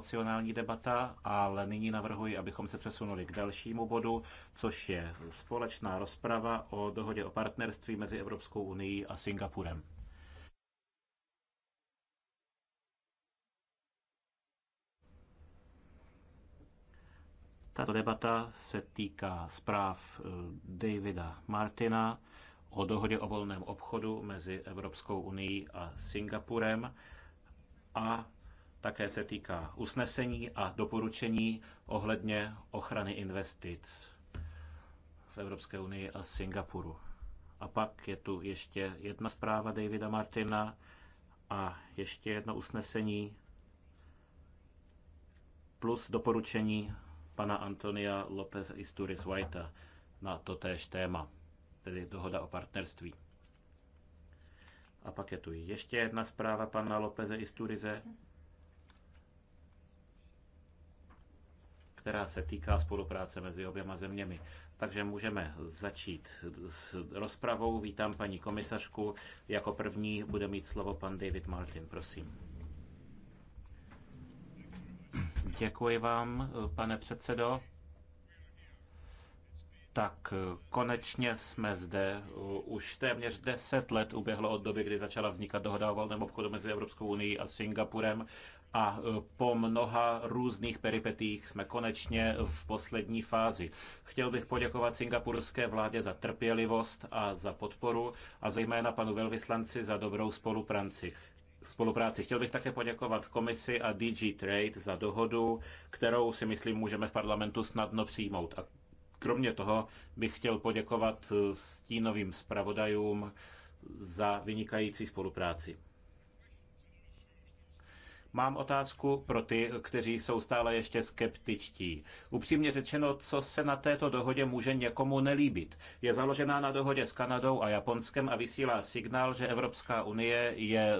emocionální debata, ale nyní navrhuji, abychom se přesunuli k dalšímu bodu, což je společná rozprava o dohodě o partnerství mezi Evropskou unii a Singapurem. Tato debata se týká zpráv eh, Davida Martina o dohodě o volném obchodu mezi Evropskou unii a Singapurem a také se týká usnesení a doporučení ohledně ochrany investic v Evropské unii a Singapuru. A pak je tu ještě jedna zpráva Davida Martina a ještě jedno usnesení plus doporučení pana Antonia López Isturis Whitea na též téma, tedy dohoda o partnerství. A pak je tu ještě jedna zpráva pana Lópeze Isturize která se týká spolupráce mezi oběma zeměmi. Takže můžeme začít s rozpravou. Vítám paní komisařku. Jako první bude mít slovo pan David Martin, prosím. Děkuji vám, pane předsedo. Tak konečně jsme zde. Už téměř 10 let uběhlo od doby, kdy začala vznikat dohoda o volném obchodu mezi Evropskou unii a Singapurem a e, po mnoha různých peripetích jsme konečně v poslední fázi. Chtěl bych poděkovat singapurské vládě za trpělivost a za podporu a zejména panu velvyslanci za dobrou spolupráci spolupráci. Chtěl bych také poděkovat komisi a DG Trade za dohodu, kterou si myslím můžeme v parlamentu snadno přijmout. A kromě toho bych chtěl poděkovat e, stínovým zpravodajům za vynikající spolupráci. Mám otázku pro ty, kteří jsou stále ještě skeptičtí. Upřímně řečeno, co se na této dohodě může někomu nelíbit? Je založená na dohodě s Kanadou a Japonskem a vysílá signál, že Evropská unie je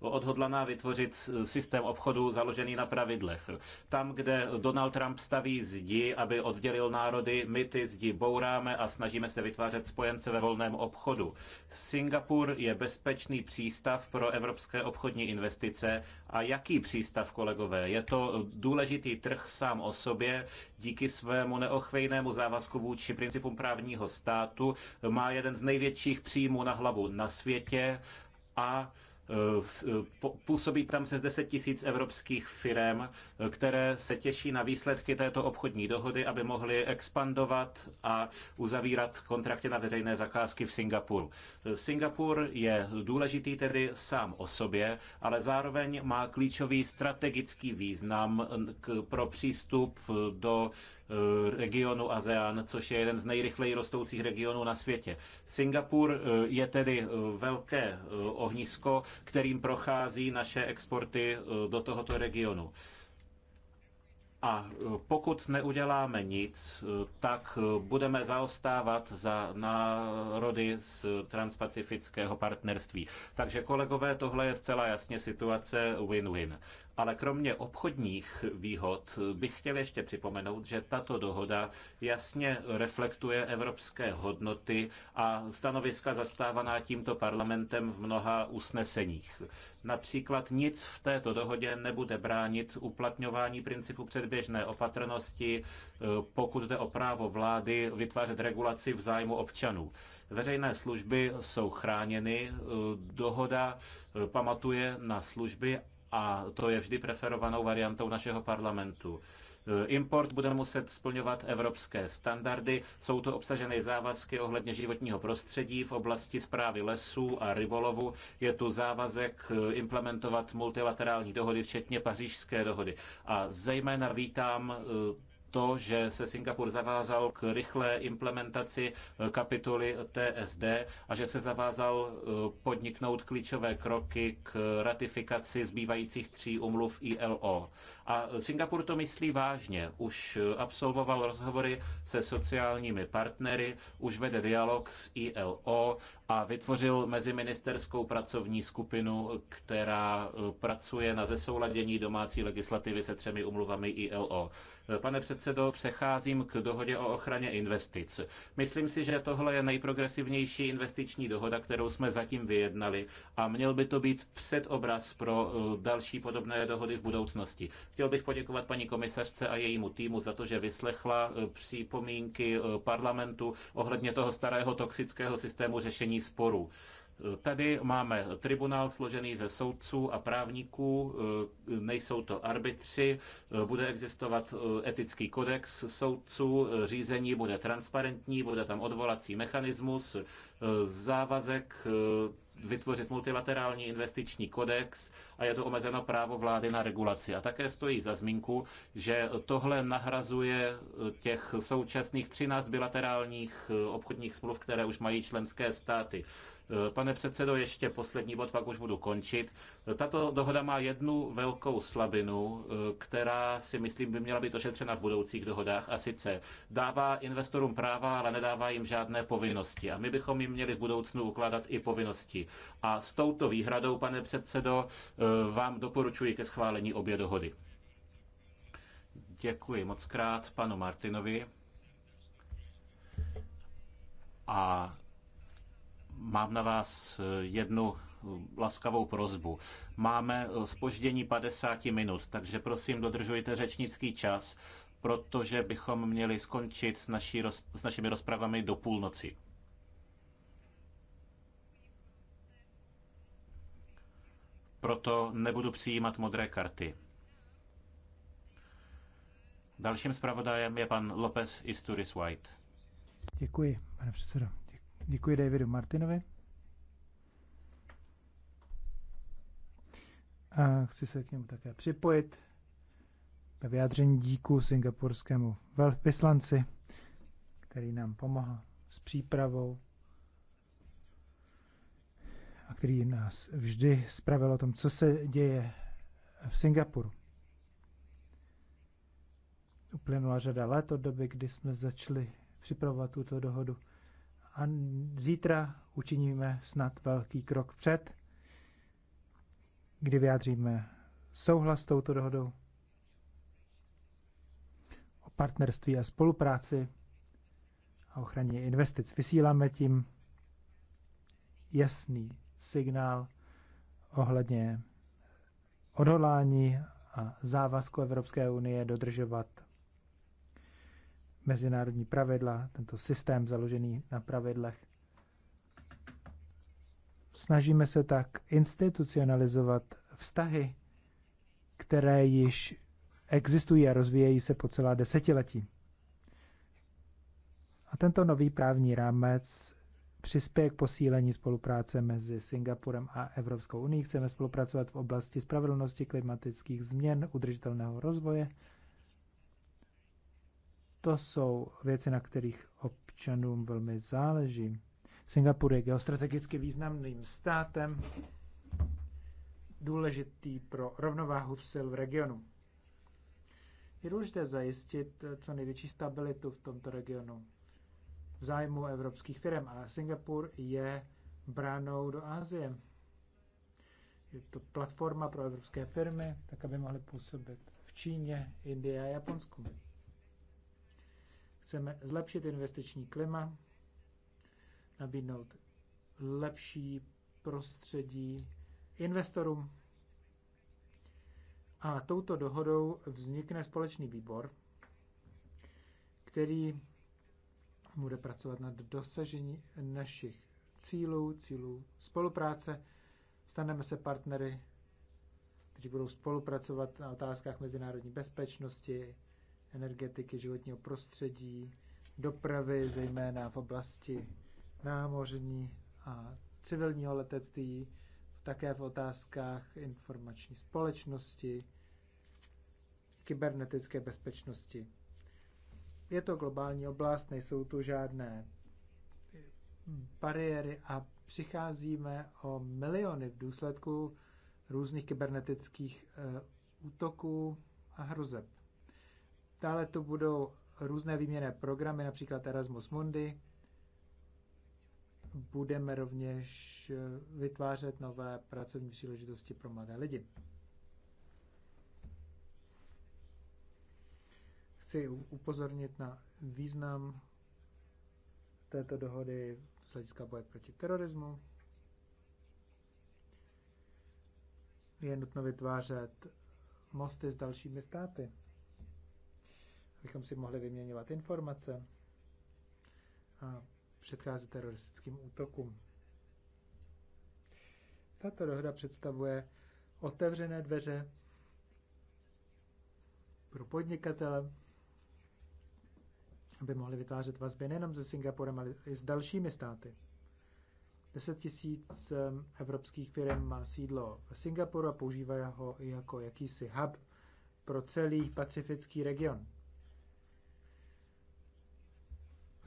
odhodlaná vytvořit systém obchodu založený na pravidlech. Tam, kde Donald Trump staví zdi, aby oddělil národy, my ty zdi bouráme a snažíme se vytvářet spojence ve volném obchodu. Singapur je bezpečný přístav pro evropské obchodní investice a jak Jaký přístav, kolegové? Je to důležitý trh sám o sobě. Díky svému neochvejnému závazku vůči principům právního státu má jeden z největších příjmů na hlavu na světě a Eh, působí tam přes 10 tisíc evropských firm, eh, které se těší na výsledky této obchodní dohody, aby mohly expandovat a uzavírat kontrakty na veřejné zakázky v Singapuru. Eh, Singapur je důležitý tedy sám o sobě, ale zároveň má klíčový strategický význam pro přístup do Eh, regionu ASEAN, což je jeden z nejrychleji rostoucích regionů na světě. Singapur eh, je tedy eh, velké ohnisko, kterým prochází naše exporty do tohoto regionu. A pokud neuděláme nic, tak budeme zaostávat za národy z transpacifického partnerství. Takže kolegové, tohle je zcela jasně situace win-win. Ale kromě obchodních výhod bych chtěl ještě připomenout, že tato dohoda jasně reflektuje evropské hodnoty a stanoviska zastávaná tímto parlamentem v mnoha usneseních. Například nic v této dohodě nebude bránit uplatňování principu předběžné opatrnosti, eh, pokud jde o právo vlády vytvářet regulaci v zájmu občanů. Veřejné služby jsou chráněny, eh, dohoda eh, pamatuje na služby a to je vždy preferovanou variantou našeho parlamentu. E, import bude muset splňovat evropské standardy. Jsou to obsažené závazky ohledně životního prostředí v oblasti zprávy lesů a rybolovu. Je tu závazek e, implementovat multilaterální dohody, včetně pařížské dohody. A zejména vítám e, to, že se Singapur zavázal k rychlé implementaci eh, kapitoly TSD a že se zavázal eh, podniknout klíčové kroky k ratifikaci zbývajících tří umluv ILO. A eh, Singapur to myslí vážně. Už absolvoval rozhovory se sociálními partnery, už vede dialog s ILO a vytvořil meziministerskou pracovní skupinu, která eh, pracuje na zesouladění domácí legislativy se třemi umluvami ILO. Pane předsedo, přecházím k dohodě o ochraně investic. Myslím si, že tohle je nejprogresivnější investiční dohoda, kterou jsme zatím vyjednali a měl by to být předobraz pro eh, další podobné dohody v budoucnosti. Chtěl bych poděkovat paní komisařce a jejímu týmu za to, že vyslechla eh, připomínky parlamentu ohledně toho starého toxického systému řešení sporu. Tady máme tribunál složený ze soudců a právníků, eh, nejsou to arbitři, eh, bude existovat eh, etický kodex soudců, řízení bude transparentní, bude tam odvolací mechanismus, závazek vytvořit multilaterální investiční kodex a je to omezeno právo vlády na regulaci. A také stojí za zmínku, že tohle nahrazuje eh, těch současných 13 bilaterálních eh, obchodních smluv, které už mají členské státy. Eh, pane předsedo, ještě poslední bod, pak už budu končit. Tato dohoda má jednu velkou slabinu, eh, která si myslím by měla být ošetřena v budoucích dohodách a sice dává investorům práva, ale nedává jim žádné povinnosti. A my bychom jim měli v budoucnu ukládat i povinnosti. A s touto výhradou, pane předsedo, eh, vám doporučuji ke schválení obě dohody. Děkuji moc krát panu Martinovi. A Mám na vás eh, jednu eh, laskavou prozbu. Máme spoždění eh, 50 minut, takže prosím dodržujte řečnický čas, protože bychom měli skončit s, naší, s našimi rozpravami do půlnoci. Proto nebudu přijímat modré karty. Dalším zpravodajem je pan López Isturis White. Děkuji, pane předsedo. Děkuji Davidu Martinovi. A chci se k němu také připojit ve vyjádření díku singapurskému velvyslanci, který nám pomohl s přípravou a který nás vždy zpravil o tom, co se děje v Singapuru. Uplynula řada let od doby, kdy jsme začali připravovat tuto dohodu a zítra učiníme snad velký krok před, kdy vyjádříme souhlas s touto dohodou o partnerství a spolupráci a ochraně investic. Vysíláme tím jasný signál ohledně odhodlání a závazku Evropské unie dodržovat mezinárodní pravidla, tento systém založený na pravidlech. Snažíme se tak institucionalizovat vztahy, které již existují a rozvíjejí se po celá desetiletí. A tento nový právní rámec přispěje k posílení spolupráce mezi Singapurem a Evropskou unii. Chceme spolupracovat v oblasti spravedlnosti, klimatických změn, udržitelného rozvoje to jsou věci, na kterých občanům velmi záleží. Singapur je geostrategicky významným státem, důležitý pro rovnováhu sil v regionu. Je důležité zajistit co největší stabilitu v tomto regionu v zájmu evropských firm a Singapur je bránou do Asie. Je to platforma pro evropské firmy, tak aby mohly působit v Číně, Indii a Japonsku. Chceme zlepšit investiční klima, nabídnout lepší prostředí investorům. A touto dohodou vznikne společný výbor, který bude pracovat nad dosažení našich cílů, cílů spolupráce. Staneme se partnery, kteří budou spolupracovat na otázkách mezinárodní bezpečnosti, energetiky, životního prostředí, dopravy, zejména v oblasti námořní a civilního letectví, také v otázkách informační společnosti, kybernetické bezpečnosti. Je to globální oblast, nejsou tu žádné bariéry a přicházíme o miliony v důsledku různých kybernetických eh, útoků a hrozeb. Dále to budou různé výměné programy, například Erasmus Mundi. Budeme rovněž eh, vytvářet nové pracovní příležitosti pro mladé lidi. Chci upozornit na význam této dohody z hlediska boje proti terorismu. Je nutno vytvářet mosty s dalšími státy abychom si mohli vyměňovat informace a předcházet teroristickým útokům. Tato dohoda představuje otevřené dveře pro podnikatele, aby mohli vytvářet vazby nejenom se Singapurem, ale i s dalšími státy. 10 tisíc evropských firm má sídlo v Singapuru a používá ho jako jakýsi hub pro celý pacifický region.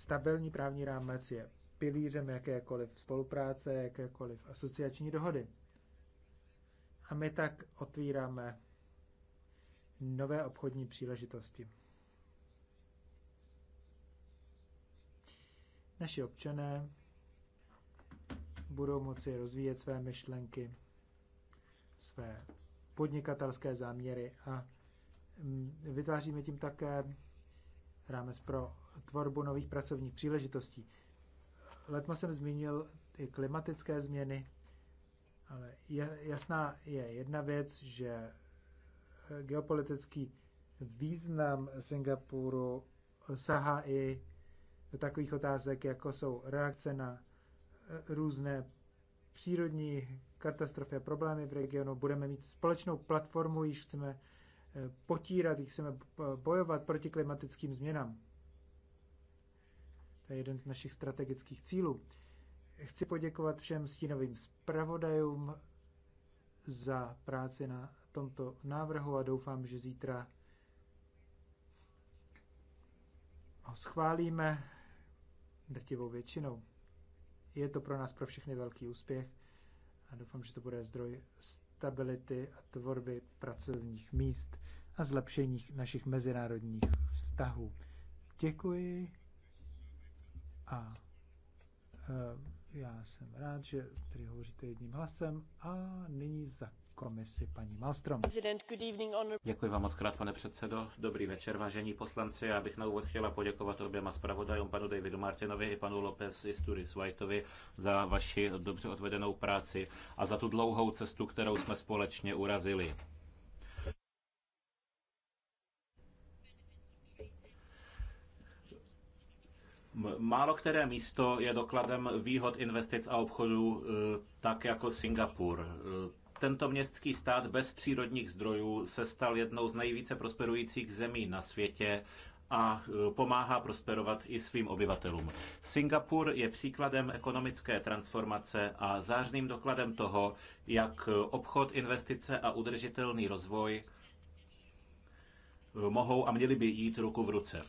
Stabilní právní rámec je pilířem jakékoliv spolupráce, jakékoliv asociační dohody. A my tak otvíráme nové obchodní příležitosti. Naši občané budou moci rozvíjet své myšlenky, své podnikatelské záměry a mm, vytváříme tím také rámec pro tvorbu nových pracovních příležitostí. Letmo jsem zmínil i klimatické změny, ale jasná je jedna věc, že geopolitický význam Singapuru sahá i do takových otázek, jako jsou reakce na eh, různé přírodní katastrofy a problémy v regionu. Budeme mít společnou platformu, již chceme eh, potírat, chceme eh, bojovat proti klimatickým změnám. To je jeden z našich strategických cílů. Chci poděkovat všem stínovým zpravodajům za práci na tomto návrhu a doufám, že zítra ho schválíme drtivou většinou. Je to pro nás pro všechny velký úspěch a doufám, že to bude zdroj stability a tvorby pracovních míst a zlepšení našich mezinárodních vztahů. Děkuji. A eh, já jsem rád, že tady hovoříte jedním hlasem a nyní za komisi paní Malstrom. Děkuji vám moc krát, pane předsedo. Dobrý večer, vážení poslanci. Já bych na úvod chtěla poděkovat oběma zpravodajům, panu Davidu Martinovi i panu i Sturis Whiteovi za vaši dobře odvedenou práci a za tu dlouhou cestu, kterou jsme společně urazili. Málo které místo je dokladem výhod investic a obchodů eh, tak jako Singapur. Eh, tento městský stát bez přírodních zdrojů se stal jednou z nejvíce prosperujících zemí na světě a eh, pomáhá prosperovat i svým obyvatelům. Singapur je příkladem ekonomické transformace a zářným dokladem toho, jak obchod, investice a udržitelný rozvoj mohou a měli by jít ruku v ruce.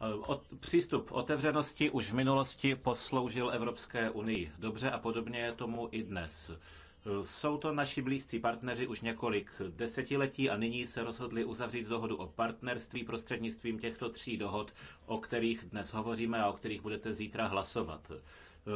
Eh, od, přístup otevřenosti už v minulosti posloužil Evropské unii. Dobře a podobně je tomu i dnes. Eh, jsou to naši blízcí partneři už několik desetiletí a nyní se rozhodli uzavřít dohodu o partnerství prostřednictvím těchto tří dohod, o kterých dnes hovoříme a o kterých budete zítra hlasovat.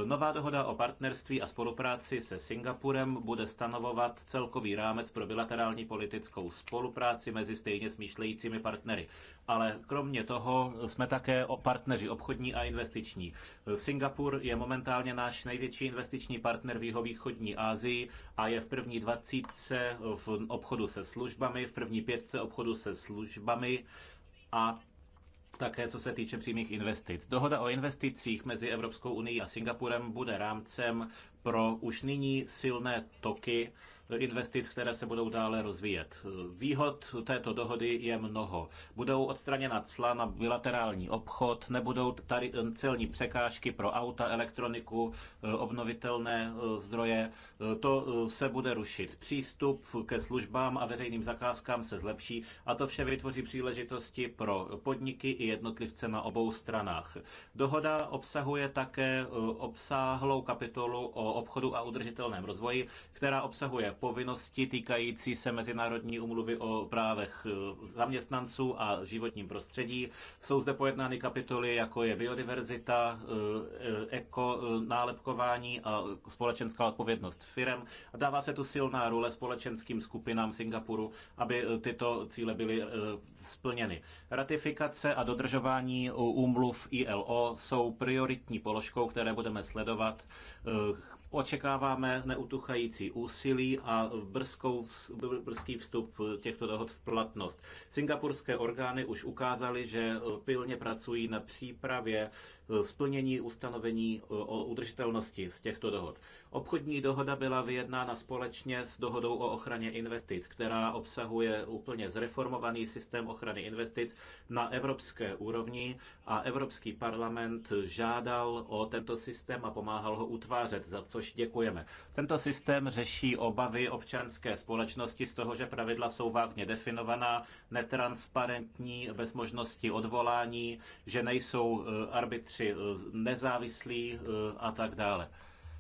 Eh, nová dohoda o partnerství a spolupráci se Singapurem bude stanovovat celkový rámec pro bilaterální politickou spolupráci mezi stejně smýšlejícími partnery. Ale kromě toho jsme také o partneři obchodní a investiční. Eh, Singapur je momentálně náš největší investiční partner v jihovýchodní Asii a je v první dvacítce v obchodu se službami, v první pětce obchodu se službami a také co se týče přímých investic. Dohoda o investicích mezi Evropskou unii a Singapurem bude rámcem pro už nyní silné toky investic, které se budou dále rozvíjet. Výhod této dohody je mnoho. Budou odstraněna cla na bilaterální obchod, nebudou tady eh, celní překážky pro auta, elektroniku, eh, obnovitelné eh, zdroje. To se bude rušit. Přístup ke službám a veřejným zakázkám se zlepší a to vše vytvoří příležitosti pro podniky i jednotlivce na obou stranách. Dohoda obsahuje také obsáhlou kapitolu o obchodu a udržitelném rozvoji, která obsahuje povinnosti týkající se Mezinárodní umluvy o právech eh, zaměstnanců a životním prostředí. Jsou zde pojednány kapitoly, jako je biodiverzita, eh, eko, eh, nálepkování a společenská odpovědnost firem. Dává se tu silná role společenským skupinám Singapuru, aby tyto cíle byly splněny. Ratifikace a dodržování umluv ILO jsou prioritní položkou, které budeme sledovat Očekáváme neutuchající úsilí a brzkou, brzký vstup těchto dohod v platnost. Singapurské orgány už ukázaly, že pilně pracují na přípravě Eh, splnění ustanovení eh, o udržitelnosti z těchto dohod. Obchodní dohoda byla vyjednána společně s dohodou o ochraně investic, která obsahuje úplně zreformovaný systém ochrany investic na evropské úrovni a Evropský parlament žádal o tento systém a pomáhal ho utvářet, za což děkujeme. Tento systém řeší obavy občanské společnosti z toho, že pravidla jsou vágně definovaná, netransparentní, bez možnosti odvolání, že nejsou eh, arbitři ministři eh, nezávislí eh, a tak dále.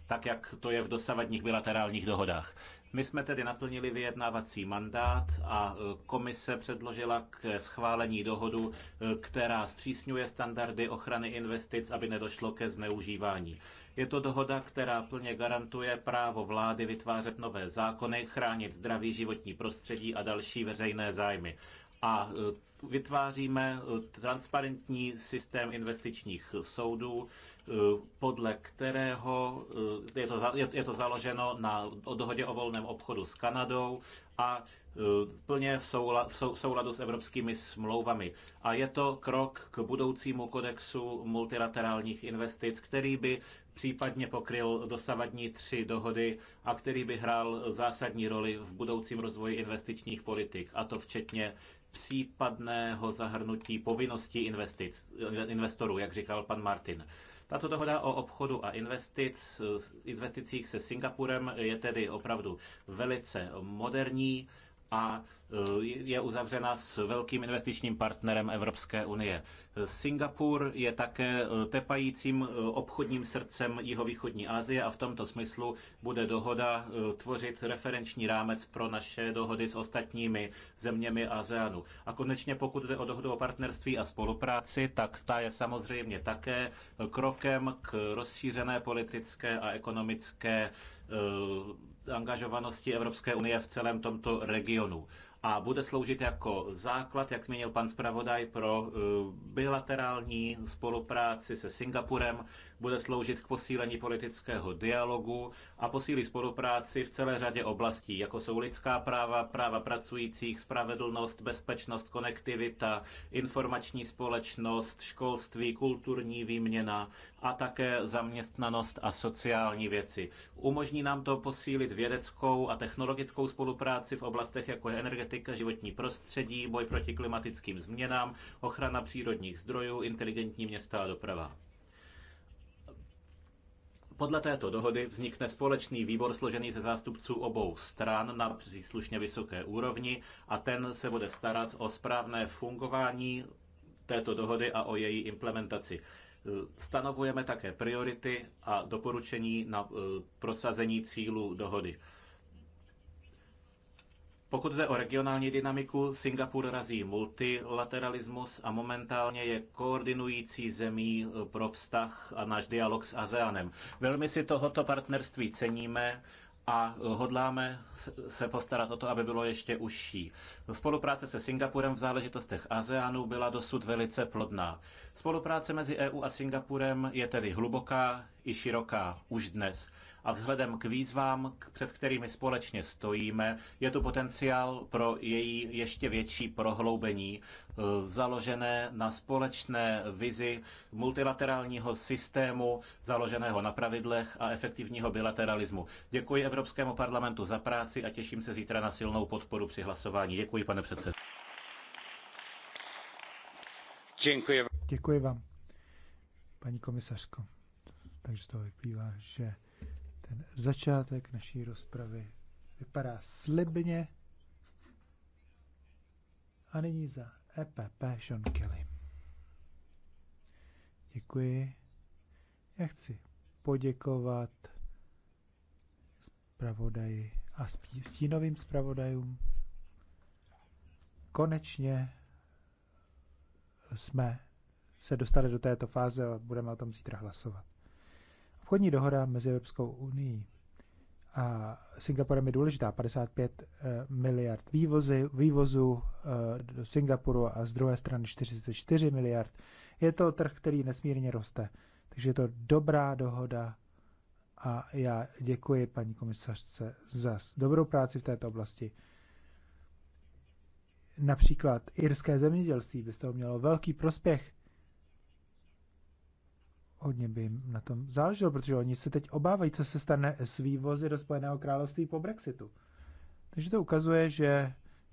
Tak, jak to je v dosavadních bilaterálních dohodách. My jsme tedy naplnili vyjednávací mandát a eh, komise předložila k schválení dohodu, která zpřísňuje standardy ochrany investic, aby nedošlo ke zneužívání. Je to dohoda, která plně garantuje právo vlády vytvářet nové zákony, chránit zdraví životní prostředí a další veřejné zájmy a e, vytváříme e, transparentní systém investičních soudů, e, podle kterého je to, je to založeno na dohodě o volném obchodu s Kanadou a plně v, soula, v, sou, v souladu s evropskými smlouvami. A je to krok k budoucímu kodexu multilaterálních investic, který by případně pokryl dosavadní tři dohody a který by hrál zásadní roli v budoucím rozvoji investičních politik, a to včetně případného zahrnutí povinností investic, investorů, jak říkal pan Martin. Tato dohoda o obchodu a investic, investicích se Singapurem je tedy opravdu velice moderní, a e, je uzavřena s velkým investičním partnerem Evropské unie. Singapur je také e, tepajícím e, obchodním srdcem jihovýchodní Asie a v tomto smyslu bude dohoda tvořit referenční rámec pro naše dohody s ostatními zeměmi ASEANu. A konečně pokud jde o dohodu o partnerství a spolupráci, tak ta je samozřejmě také krokem k rozšířené politické a ekonomické angažovanosti Evropské unie v celém tomto regionu a bude sloužit jako základ, jak zmínil pan zpravodaj, pro eh, bilaterální spolupráci se Singapurem, bude sloužit k posílení politického dialogu a posílí spolupráci v celé řadě oblastí, jako jsou lidská práva, práva pracujících, spravedlnost, bezpečnost, konektivita, informační společnost, školství, kulturní výměna a také zaměstnanost a sociální věci. Umožní nám to posílit vědeckou a technologickou spolupráci v oblastech jako je energetika, životní prostředí, boj proti klimatickým změnám, ochrana přírodních zdrojů, inteligentní města a doprava. Podle této dohody vznikne společný výbor složený ze zástupců obou stran na příslušně vysoké úrovni a ten se bude starat o správné fungování této dohody a o její implementaci. Stanovujeme také priority a doporučení na eh, prosazení cílů dohody. Pokud jde o regionální dynamiku, Singapur razí multilateralismus a momentálně je koordinující zemí eh, pro vztah a náš dialog s ASEANem. Velmi si tohoto partnerství ceníme a eh, hodláme se postarat o to, aby bylo ještě užší. Spolupráce se Singapurem v záležitostech ASEANu byla dosud velice plodná. Spolupráce mezi EU a Singapurem je tedy hluboká i široká už dnes a vzhledem k výzvám, před kterými společně stojíme, je tu potenciál pro její ještě větší prohloubení, e, založené na společné vizi multilaterálního systému, založeného na pravidlech a efektivního bilateralismu. Děkuji Evropskému parlamentu za práci a těším se zítra na silnou podporu při hlasování. Děkuji, pane předsedo. Děkuji. Děkuji vám, paní komisařko. Takže z toho vyplývá, že ten začátek naší rozpravy vypadá slibně. A nyní za EPP Sean Kelly. Děkuji. Já chci poděkovat zpravodaji a stínovým zpravodajům. Konečně jsme se dostali do této fáze a budeme o tom zítra hlasovat. Obchodní dohoda mezi Evropskou unii a Singapurem je důležitá. 55 eh, miliard vývozy, vývozu eh, do Singapuru a z druhé strany 44 miliard. Je to trh, který nesmírně roste. Takže je to dobrá dohoda a já děkuji paní komisařce za dobrou práci v této oblasti. Například irské zemědělství by z toho mělo velký prospěch hodně by jim na tom záleželo, protože oni se teď obávají, co se stane s vývozy do Spojeného království po Brexitu. Takže to ukazuje, že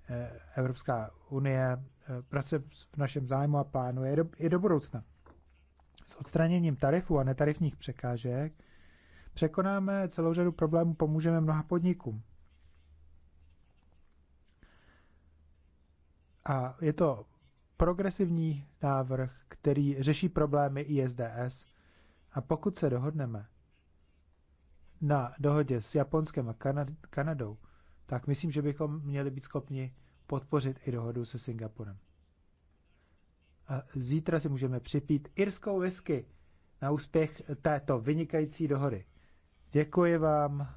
eh, Evropská unie eh, pracuje v našem zájmu a plánuje do, i do budoucna. S odstraněním tarifů a netarifních překážek překonáme celou řadu problémů, pomůžeme mnoha podnikům. A je to progresivní návrh, který řeší problémy ISDS a pokud se dohodneme na dohodě s Japonskem a Kanadou, tak myslím, že bychom měli být schopni podpořit i dohodu se Singapurem. A zítra si můžeme připít irskou whisky na úspěch této vynikající dohody. Děkuji vám,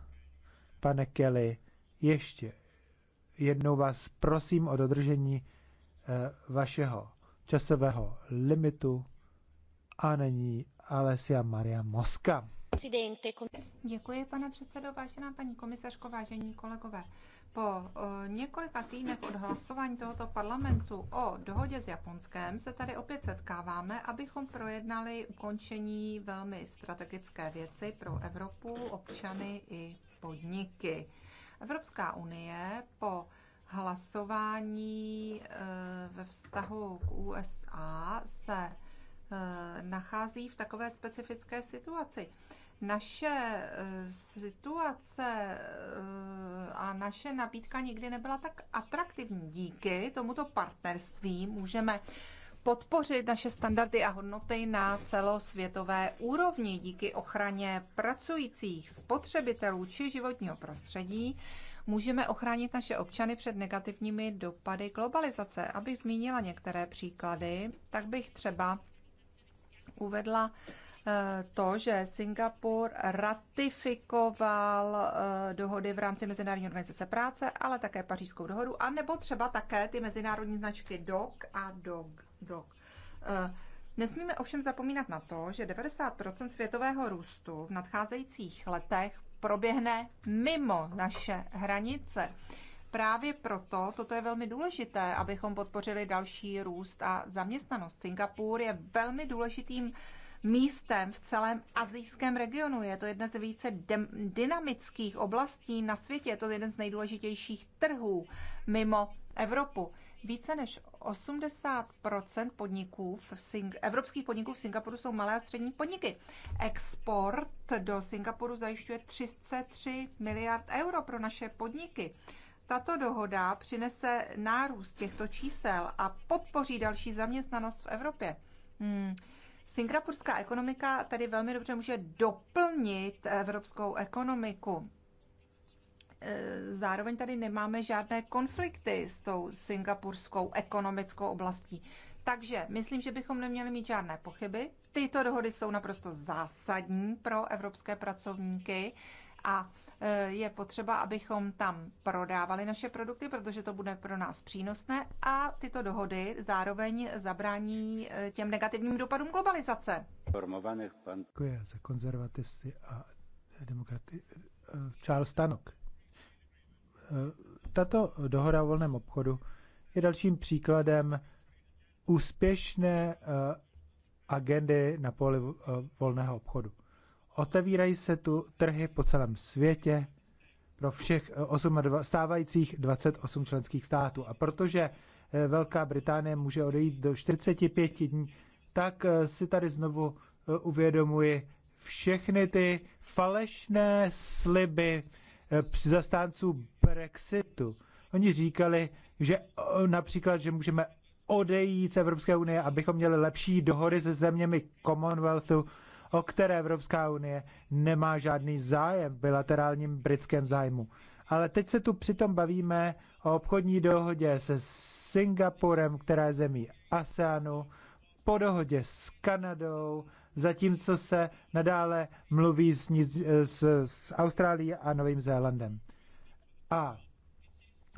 pane Kelly. Ještě jednou vás prosím o dodržení eh, vašeho časového limitu a není Alessia Maria Moska. Děkuji, pane předsedo, vážená paní komisařko, vážení kolegové. Po několika týdnech od hlasování tohoto parlamentu o dohodě s Japonskem se tady opět setkáváme, abychom projednali ukončení velmi strategické věci pro Evropu, občany i podniky. Evropská unie po hlasování e, ve vztahu k USA se Eh, nachází v takové specifické situaci. Naše eh, situace eh, a naše nabídka nikdy nebyla tak atraktivní. Díky tomuto partnerství můžeme podpořit naše standardy a hodnoty na celosvětové úrovni díky ochraně pracujících, spotřebitelů či životního prostředí. Můžeme ochránit naše občany před negativními dopady globalizace. Abych zmínila některé příklady, tak bych třeba uvedla eh, to, že Singapur ratifikoval eh, dohody v rámci Mezinárodní organizace práce, ale také pařížskou dohodu, anebo třeba také ty mezinárodní značky DOC a DOG. DOG. Eh, nesmíme ovšem zapomínat na to, že 90% světového růstu v nadcházejících letech proběhne mimo naše hranice právě proto toto je velmi důležité, abychom podpořili další růst a zaměstnanost. Singapur je velmi důležitým místem v celém azijském regionu. Je to jedna z více dynamických oblastí na světě. Je to jeden z nejdůležitějších trhů mimo Evropu. Více než 80 podniků v Sing- evropských podniků v Singapuru jsou malé a střední podniky. Export do Singapuru zajišťuje 303 miliard euro pro naše podniky. Tato dohoda přinese nárůst těchto čísel a podpoří další zaměstnanost v Evropě. Hmm. Singapurská ekonomika tady velmi dobře může doplnit evropskou ekonomiku. E, zároveň tady nemáme žádné konflikty s tou singapurskou ekonomickou oblastí. Takže myslím, že bychom neměli mít žádné pochyby. Tyto dohody jsou naprosto zásadní pro evropské pracovníky a e, je potřeba, abychom tam prodávali naše produkty, protože to bude pro nás přínosné a tyto dohody zároveň zabrání e, těm negativním dopadům globalizace. Formovaných Děkuji za konzervatisty a demokraty. E, Charles Stanok. Tato dohoda o volném obchodu je dalším příkladem úspěšné agendy na poli volného obchodu. Otevírají se tu trhy po celém světě pro všech 8, eh, stávajících 28 členských států. A protože eh, Velká Británie může odejít do 45 dní, tak eh, si tady znovu uvědomuji všechny ty falešné sliby zastánců Brexitu. Oni říkali, že například, že můžeme odejít z Evropské unie, abychom měli lepší dohody se zeměmi Commonwealthu, o které Evropská unie nemá žádný zájem v bilaterálním britském zájmu. Ale teď se tu přitom bavíme o obchodní dohodě se Singapurem, která je zemí ASEANu, po dohodě s Kanadou, zatímco se nadále mluví s, s, s Austrálií a Novým Zélandem. A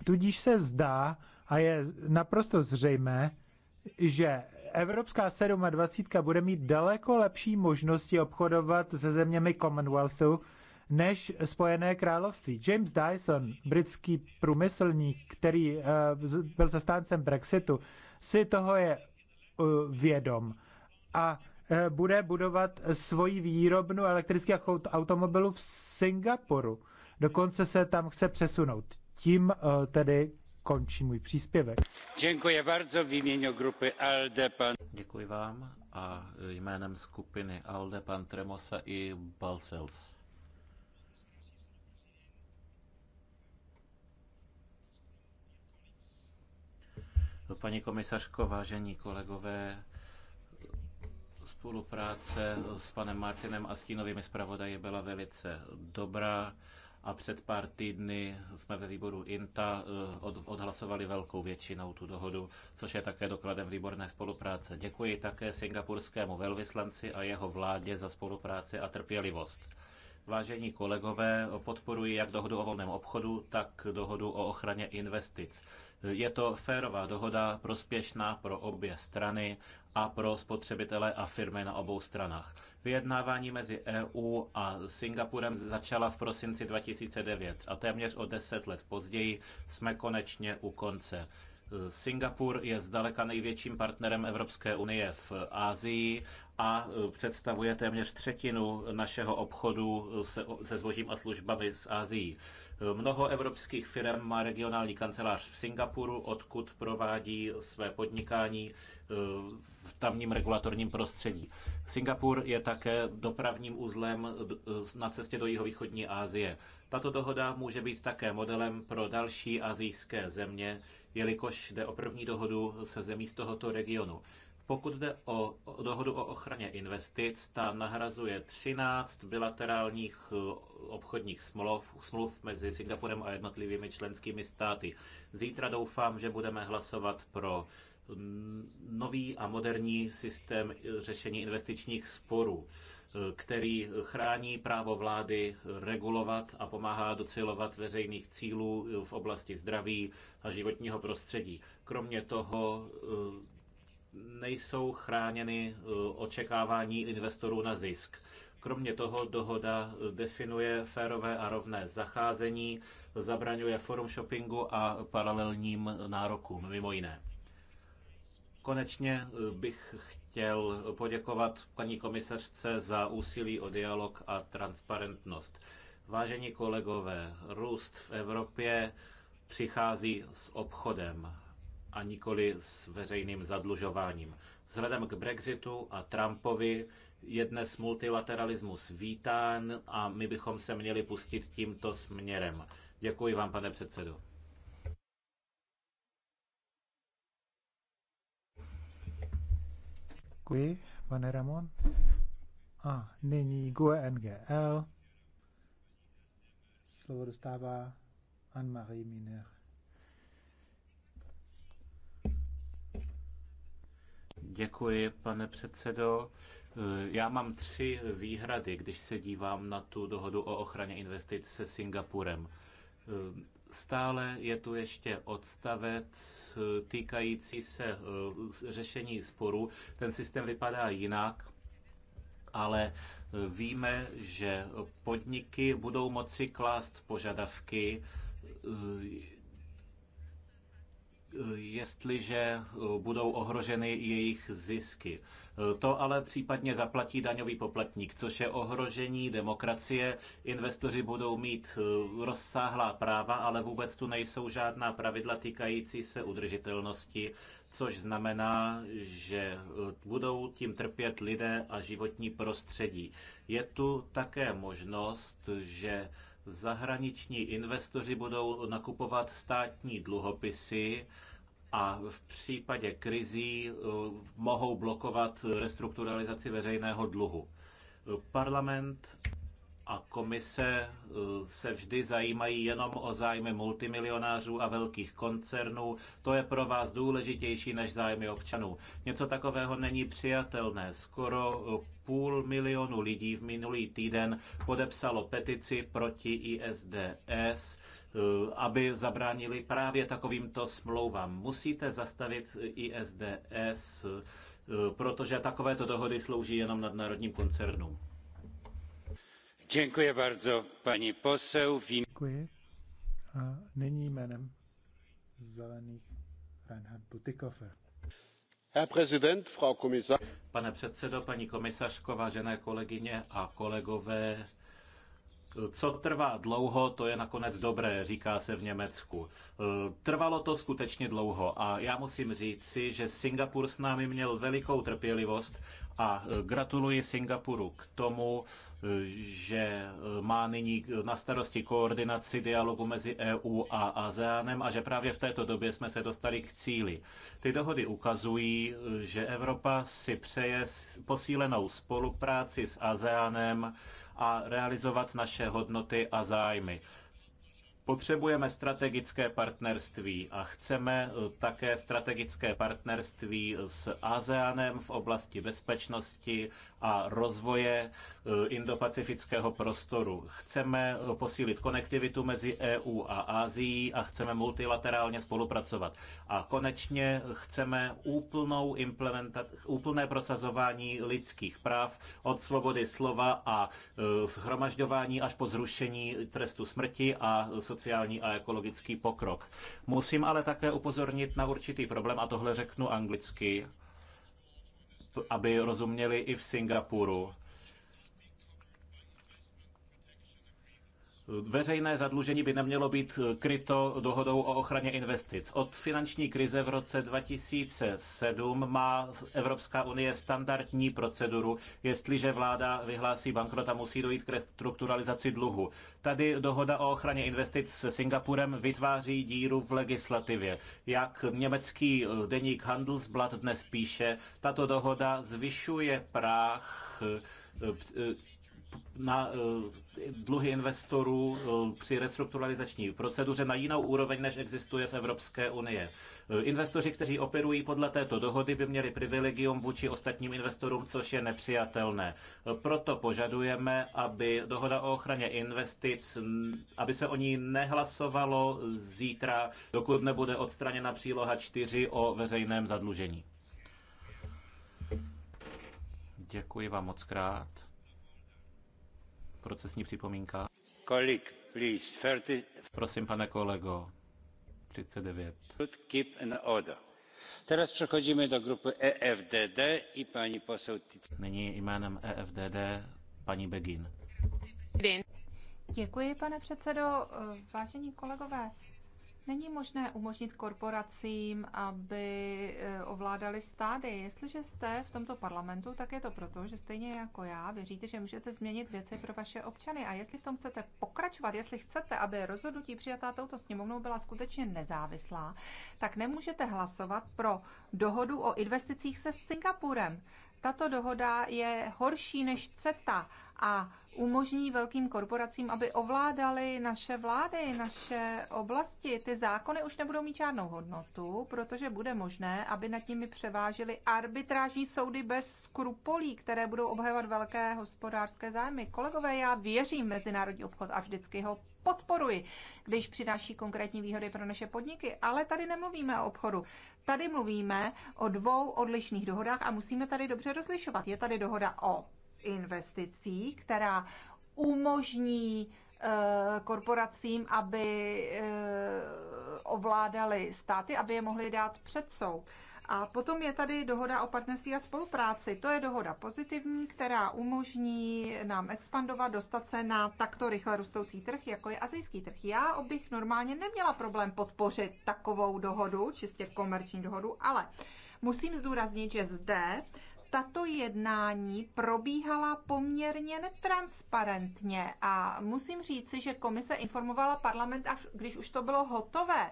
tudíž se zdá a je naprosto zřejmé, že Evropská 27 bude mít daleko lepší možnosti obchodovat se zeměmi Commonwealthu než Spojené království. James Dyson, britský průmyslník, který uh, byl zastáncem Brexitu, si toho je uh, vědom a uh, bude budovat svoji výrobnu elektrických automobilů v Singapuru. Dokonce se tam chce přesunout. Tím uh, tedy končí můj příspěvek. Děkuji bardzo v jménu grupy ALDE. Pan... Děkuji vám a jménem skupiny ALDE pan Tremosa i Balcells. Paní komisařko, vážení kolegové, spolupráce s panem Martinem a stínovými zpravodaji byla velice dobrá a před pár týdny jsme ve výboru INTA eh, odhlasovali velkou většinou tu dohodu, což je také dokladem výborné spolupráce. Děkuji také singapurskému velvyslanci a jeho vládě za spolupráci a trpělivost. Vážení kolegové, podporuji jak dohodu o volném obchodu, tak dohodu o ochraně investic. Je to férová dohoda, prospěšná pro obě strany a pro spotřebitele a firmy na obou stranách. Vyjednávání mezi EU a Singapurem začala v prosinci 2009 a téměř o 10 let později jsme konečně u konce. Singapur je zdaleka největším partnerem Evropské unie v Asii a e, představuje téměř třetinu našeho obchodu se, se zbožím a službami z Ázií. E, mnoho evropských firm má regionální kancelář v Singapuru, odkud provádí své podnikání e, v tamním regulatorním prostředí. Singapur je také dopravním uzlem na cestě do jihovýchodní Asie. Tato dohoda může být také modelem pro další azijské země, jelikož jde o první dohodu se zemí z tohoto regionu. Pokud jde o dohodu o ochraně investic, ta nahrazuje 13 bilaterálních eh, obchodních smluv, smluv mezi Singapurem a jednotlivými členskými státy. Zítra doufám, že budeme hlasovat pro nový a moderní systém eh, řešení investičních sporů který chrání právo vlády regulovat a pomáhá docilovat veřejných cílů v oblasti zdraví a životního prostředí. Kromě toho eh, nejsou chráněny eh, očekávání investorů na zisk. Kromě toho dohoda eh, definuje férové a rovné zacházení, zabraňuje forum shoppingu a paralelním nárokům, mimo jiné. Konečně eh, bych chtěl poděkovat paní komisařce za úsilí o dialog a transparentnost. Vážení kolegové, růst v Evropě přichází s obchodem a nikoli s veřejným zadlužováním. Vzhledem k Brexitu a Trumpovi je dnes multilateralismus vítán a my bychom se měli pustit tímto směrem. Děkuji vám, pane předsedo. Děkuji, pane Ramon. A nyní GUE NGL. Slovo dostává Anne-Marie Miner. Děkuji, pane předsedo. Já mám tři výhrady, když se dívám na tu dohodu o ochraně investic se Singapurem. Stále je tu ještě odstavec eh, týkající se eh, řešení sporů. Ten systém vypadá jinak, ale eh, víme, že podniky budou moci klást požadavky jestliže eh, budou ohroženy jejich zisky. Eh, to ale případně zaplatí daňový poplatník, což je ohrožení demokracie. Investoři budou mít eh, rozsáhlá práva, ale vůbec tu nejsou žádná pravidla týkající se udržitelnosti, což znamená, že budou tím trpět lidé a životní prostředí. Je tu také možnost, že zahraniční investoři budou nakupovat státní dluhopisy a v případě krizí eh, mohou blokovat restrukturalizaci veřejného dluhu. Parlament a komise eh, se vždy zajímají jenom o zájmy multimilionářů a velkých koncernů. To je pro vás důležitější než zájmy občanů. Něco takového není přijatelné. Skoro eh, půl milionu lidí v minulý týden podepsalo petici proti ISDS, eh, aby zabránili právě takovýmto smlouvám. Musíte zastavit ISDS, protože takovéto dohody slouží jenom nadnárodním koncernům. A nyní jménem zelených Reinhard Butikofer. Pane předsedo, paní komisařko, vážené kolegyně a kolegové, co trvá dlouho, to je nakonec dobré, říká se v Německu. E, trvalo to skutečně dlouho a já musím říci, že Singapur s námi měl velikou trpělivost a e, gratuluji Singapuru k tomu, že eh, má nyní na starosti koordinaci dialogu mezi EU a ASEANem a že právě v této době jsme se dostali k cíli. Ty dohody ukazují, eh, že Evropa si přeje posílenou spolupráci s ASEANem a realizovat naše hodnoty a zájmy. Potřebujeme strategické partnerství a chceme eh, také strategické partnerství s ASEANem v oblasti bezpečnosti a rozvoje eh, indopacifického prostoru. Chceme eh, posílit konektivitu mezi EU a Ázií a chceme multilaterálně spolupracovat. A konečně chceme úplnou úplné prosazování lidských práv od svobody slova a shromažďování až po zrušení trestu smrti a sociální a ekologický pokrok. Musím ale také upozornit na určitý problém, a tohle řeknu anglicky, aby rozuměli i v Singapuru. Veřejné zadlužení by nemělo být kryto dohodou o ochraně investic. Od finanční krize v roce 2007 má Evropská unie standardní proceduru. Jestliže vláda vyhlásí bankrot a musí dojít k restrukturalizaci dluhu. Tady dohoda o ochraně investic se Singapurem vytváří díru v legislativě. Jak německý eh, deník Handelsblatt dnes píše, tato dohoda zvyšuje práh eh, eh, na eh, dluhy investorů eh, při restrukturalizační proceduře na jinou úroveň, než existuje v Evropské unii. Eh, investoři, kteří operují podle této dohody, by měli privilegium vůči ostatním investorům, což je nepřijatelné. Proto požadujeme, aby dohoda o ochraně investic, aby se o ní nehlasovalo zítra, dokud nebude odstraněna příloha 4 o veřejném zadlužení. Děkuji vám moc krát procesní připomínka. Kolik, please, 30... Prosím, pane kolego, 39. Keep an order. Teraz přechodíme do grupy EFDD i paní poseł Nyní jménem EFDD paní Begin. Děkuji, pane předsedo. Vážení kolegové, Není možné umožnit korporacím, aby eh, ovládali stády. Jestliže jste v tomto parlamentu, tak je to proto, že stejně jako já věříte, že můžete změnit věci pro vaše občany. A jestli v tom chcete pokračovat, jestli chcete, aby rozhodnutí přijatá touto sněmovnou byla skutečně nezávislá, tak nemůžete hlasovat pro dohodu o investicích se Singapurem. Tato dohoda je horší než CETA a umožní velkým korporacím, aby ovládali naše vlády, naše oblasti. Ty zákony už nebudou mít žádnou hodnotu, protože bude možné, aby nad nimi převážily arbitrážní soudy bez skrupolí, které budou obhajovat velké hospodářské zájmy. Kolegové, já věřím mezinárodní obchod a vždycky ho podporuji, když přináší konkrétní výhody pro naše podniky, ale tady nemluvíme o obchodu. Tady mluvíme o dvou odlišných dohodách a musíme tady dobře rozlišovat. Je tady dohoda o investicích, která umožní eh, korporacím, aby eh, ovládali státy, aby je mohli dát před soud. A potom je tady dohoda o partnerství a spolupráci. To je dohoda pozitivní, která umožní nám expandovat, dostat se na takto rychle rostoucí trh, jako je azijský trh. Já bych normálně neměla problém podpořit takovou dohodu, čistě komerční dohodu, ale musím zdůraznit, že zde tato jednání probíhala poměrně netransparentně a musím říci, že komise informovala parlament, až když už to bylo hotové. E,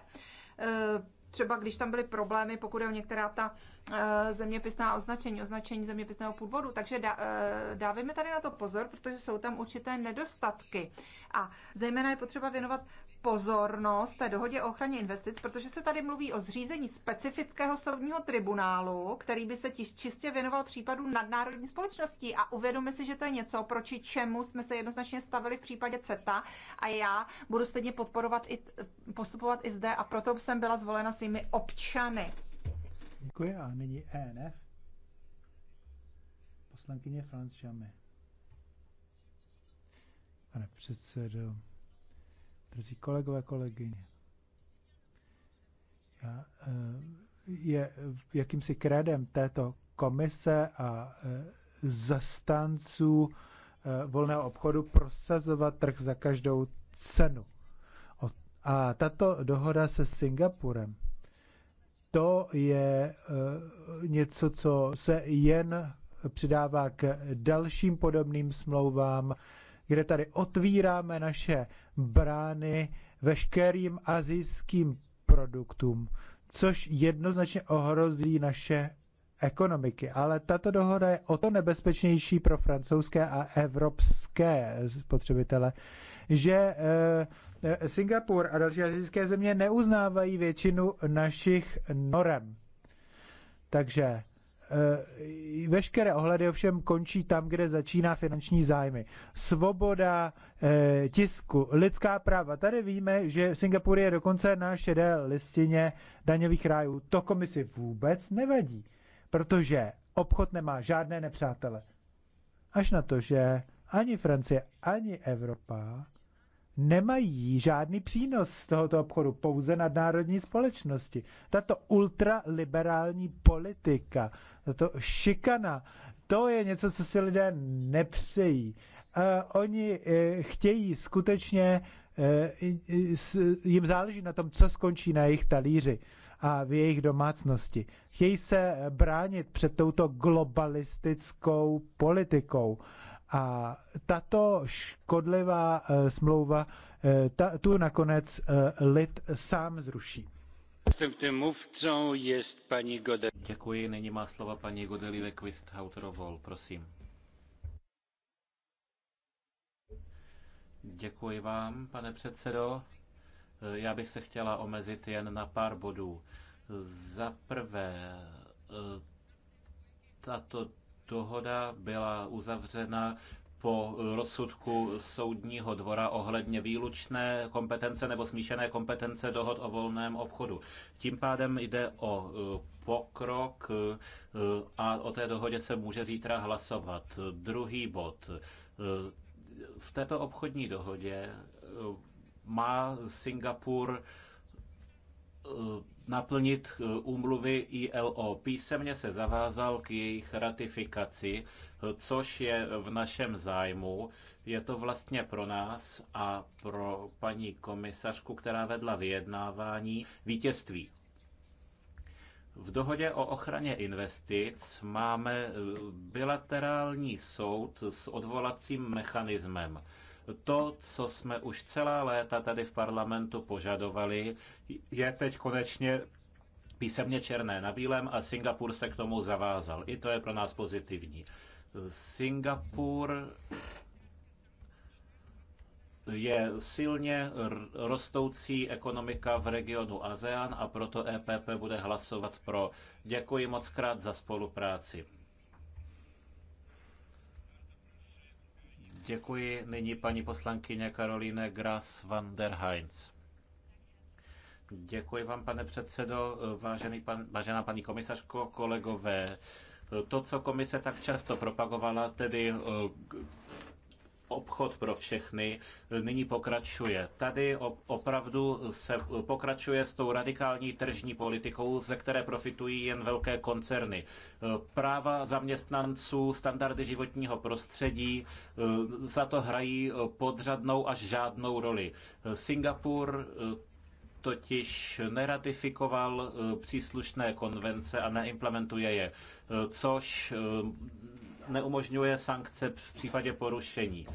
třeba když tam byly problémy, pokud je o některá ta e, zeměpisná označení, označení zeměpisného původu. Takže dáváme dávíme tady na to pozor, protože jsou tam určité nedostatky. A zejména je potřeba věnovat pozornost té dohodě o ochraně investic, protože se tady mluví o zřízení specifického soudního tribunálu, který by se čistě věnoval případu nadnárodní společnosti a uvědomíme si, že to je něco, proti čemu jsme se jednoznačně stavili v případě CETA a já budu stejně podporovat i, postupovat i zde a proto jsem byla zvolena svými občany. Děkuji a nyní ENF. Poslankyně Franz Jamy. Pane předsedo, Drzí kolegové, kolegyně. Já, eh, je eh, jakýmsi kredem této komise a eh, zastánců volného obchodu prosazovat trh za každou cenu. A tato dohoda se Singapurem, to je něco, co se jen přidává k dalším podobným smlouvám, kde tady otvíráme naše brány veškerým azijským produktům, což jednoznačně ohrozí naše ekonomiky. Ale tato dohoda je o to nebezpečnější pro francouzské a evropské spotřebitele, že eh, Singapur a další azijské země neuznávají většinu našich norem. Takže Eh, veškeré ohledy ovšem končí tam, kde začíná finanční zájmy. Svoboda eh, tisku, lidská práva. Tady víme, že Singapur je dokonce na šedé listině daňových rájů. To komisi vůbec nevadí, protože obchod nemá žádné nepřátele. Až na to, že ani Francie, ani Evropa nemají žádný přínos z tohoto obchodu, pouze nadnárodní společnosti. Tato ultraliberální politika, tato šikana, to je něco, co si lidé nepřejí. Uh, oni uh, chtějí skutečně, uh, s, jim záleží na tom, co skončí na jejich talíři a v jejich domácnosti. Chtějí se bránit před touto globalistickou politikou. Uh, a tato škodlivá eh, smlouva, eh, ta, tu nakonec eh, lid sám zruší. Następnym mówcą jest pani Godel. Děkuji, nyní má slova paní Godeli Lequist Hautrovol, prosím. Děkuji vám, pane předsedo. Já bych se chtěla omezit jen na pár bodů. Za prvé, tato dohoda byla uzavřena po rozsudku soudního dvora ohledně výlučné kompetence nebo smíšené kompetence dohod o volném obchodu. Tím pádem jde o e, pokrok e, a o té dohodě se může zítra hlasovat. Druhý bod. E, v této obchodní dohodě má Singapur Eh, naplnit eh, úmluvy ILO. Písemně se zavázal k jejich ratifikaci, eh, což je v našem zájmu. Je to vlastně pro nás a pro paní komisařku, která vedla vyjednávání, vítězství. V dohodě o ochraně investic máme bilaterální soud s odvolacím mechanismem. To, co jsme už celá léta tady v parlamentu požadovali, je teď konečně písemně černé na bílém a Singapur se k tomu zavázal. I to je pro nás pozitivní. Singapur je silně rostoucí ekonomika v regionu ASEAN a proto EPP bude hlasovat pro. Děkuji moc krát za spolupráci. Děkuji. Nyní paní poslankyně Karolíne Gras van der Heinz. Děkuji vám, pane předsedo, vážený pan, vážená paní komisařko, kolegové. To, co komise tak často propagovala, tedy eh, obchod pro všechny e, nyní pokračuje. Tady opravdu se e, pokračuje s tou radikální tržní politikou, ze které profitují jen velké koncerny. E, práva zaměstnanců, standardy životního prostředí za to hrají podřadnou až žádnou roli. Singapur totiž neratifikoval příslušné konvence a neimplementuje je, což neumožňuje sankce v případě porušení.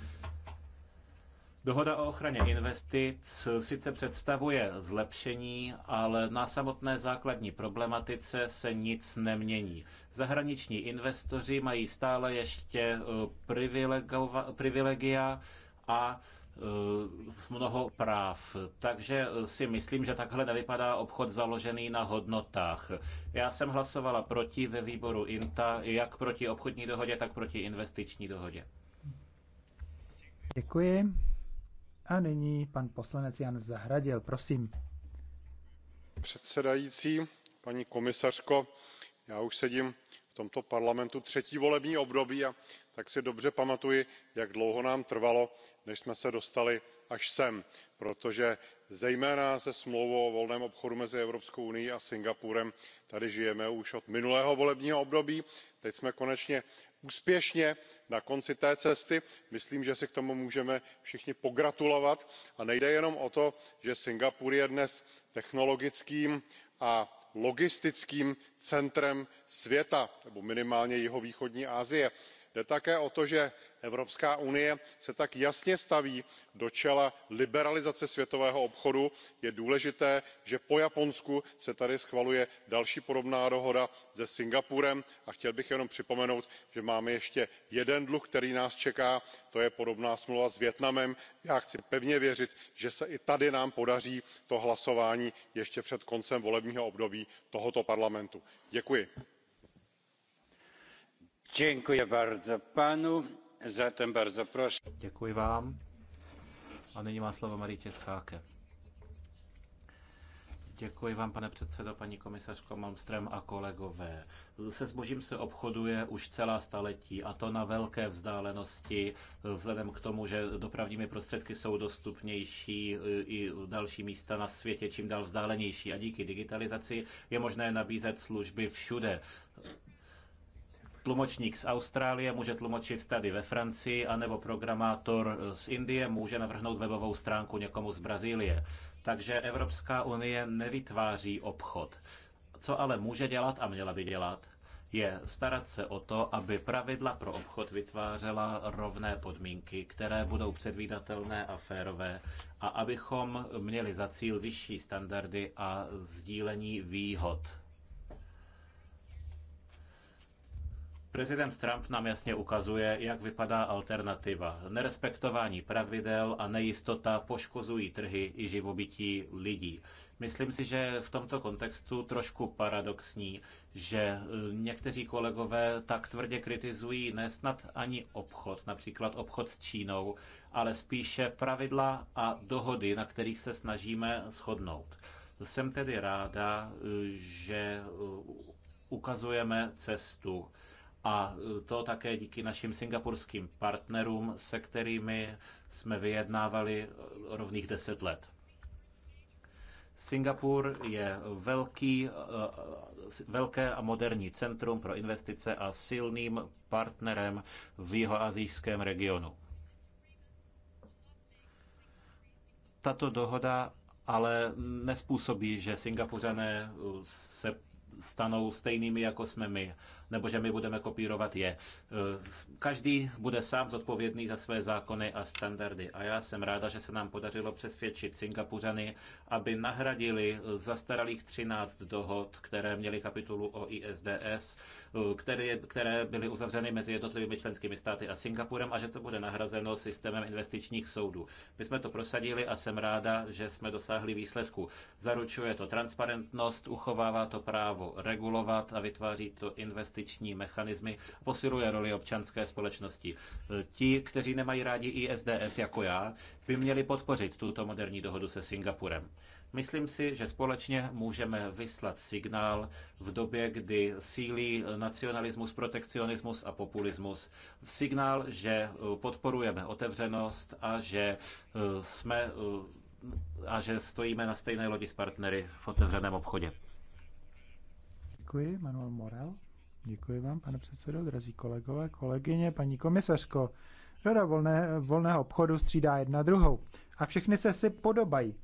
Dohoda o ochraně investic sice představuje zlepšení, ale na samotné základní problematice se nic nemění. Zahraniční investoři mají stále ještě eh, privilegia a Eh, mnoho práv. Takže si myslím, že takhle nevypadá obchod založený na hodnotách. Já jsem hlasovala proti ve výboru INTA, jak proti obchodní dohodě, tak proti investiční dohodě. Děkuji. A nyní pan poslanec Jan Zahradil, prosím. Předsedající, paní komisařko, já už sedím v tomto parlamentu třetí volební období a tak si dobře pamatuji jak dlouho nám trvalo než jsme se dostali až sem protože zejména se smlouvou o volném obchodu mezi evropskou unií a singapurem tady žijeme už od minulého volebního období teď jsme konečně úspěšně na konci té cesty myslím že si k tomu můžeme všichni pogratulovat a nejde jenom o to že singapur je dnes technologickým a logistickým centrem světa nebo minimálně jihovýchodní asie jde také o to že evropská unie se tak jasně staví do čela liberalizace světového obchodu je důležité že po japonsku se tady schvaluje další podobná dohoda se singapurem a chtěl bych jenom připomenout že máme ještě jeden dluh který nás čeká to je podobná smlouva s vietnamem. já chci pevně věřit že se i tady nám podaří to hlasování ještě před koncem volebního období tohoto parlamentu. děkuji. Děkuji bardzo panu, zatem bardzo proszę. Děkuji vám. A nyní má slovo Marie Skáke. Děkuji vám, pane předsedo, paní komisařko Malmström a kolegové. Se zbožím se obchoduje už celá staletí a to na velké vzdálenosti, vzhledem k tomu, že dopravními prostředky jsou dostupnější i další místa na světě čím dál vzdálenější. A díky digitalizaci je možné nabízet služby všude. Tlumočník z Austrálie může tlumočit tady ve Francii, anebo programátor z Indie může navrhnout webovou stránku někomu z Brazílie. Takže Evropská unie nevytváří obchod. Co ale může dělat a měla by dělat, je starat se o to, aby pravidla pro obchod vytvářela rovné podmínky, které budou předvídatelné a férové a abychom měli za cíl vyšší standardy a sdílení výhod. Prezident Trump nám jasně ukazuje, jak vypadá alternativa. Nerespektování pravidel a nejistota poškozují trhy i živobytí lidí. Myslím si, že v tomto kontextu trošku paradoxní, že e, někteří kolegové tak tvrdě kritizují nesnad ani obchod, například obchod s Čínou, ale spíše pravidla a dohody, na kterých se snažíme shodnout. Jsem tedy ráda, e, že e, ukazujeme cestu a e, to také díky našim singapurským partnerům, se kterými jsme vyjednávali e, rovných deset let. Singapur je velký, e, velké a moderní centrum pro investice a silným partnerem v jihoazijském regionu. Tato dohoda ale nespůsobí, že Singapuřané se stanou stejnými, jako jsme my nebo že my budeme kopírovat je. E, každý bude sám zodpovědný za své zákony a standardy. A já jsem ráda, že se nám podařilo přesvědčit Singapuřany, aby nahradili e, zastaralých 13 dohod, které měly kapitolu o ISDS, e, které, které byly uzavřeny mezi jednotlivými členskými státy a Singapurem a že to bude nahrazeno systémem investičních soudů. My jsme to prosadili a jsem ráda, že jsme dosáhli výsledku. Zaručuje to transparentnost, uchovává to právo regulovat a vytváří to investiční justiční mechanismy, posiluje roli občanské společnosti. Ti, kteří nemají rádi ISDS jako já, by měli podpořit tuto moderní dohodu se Singapurem. Myslím si, že společně můžeme vyslat signál v době, kdy sílí nacionalismus, protekcionismus a populismus. Signál, že eh, podporujeme otevřenost a že eh, jsme eh, a že stojíme na stejné lodi s partnery v otevřeném obchodě. Děkuji, Manuel Morel. Děkuji vám, pane předsedo, drazí kolegové, kolegyně, paní komisařko. Řada volné, volného obchodu střídá jedna druhou a všechny se si podobají.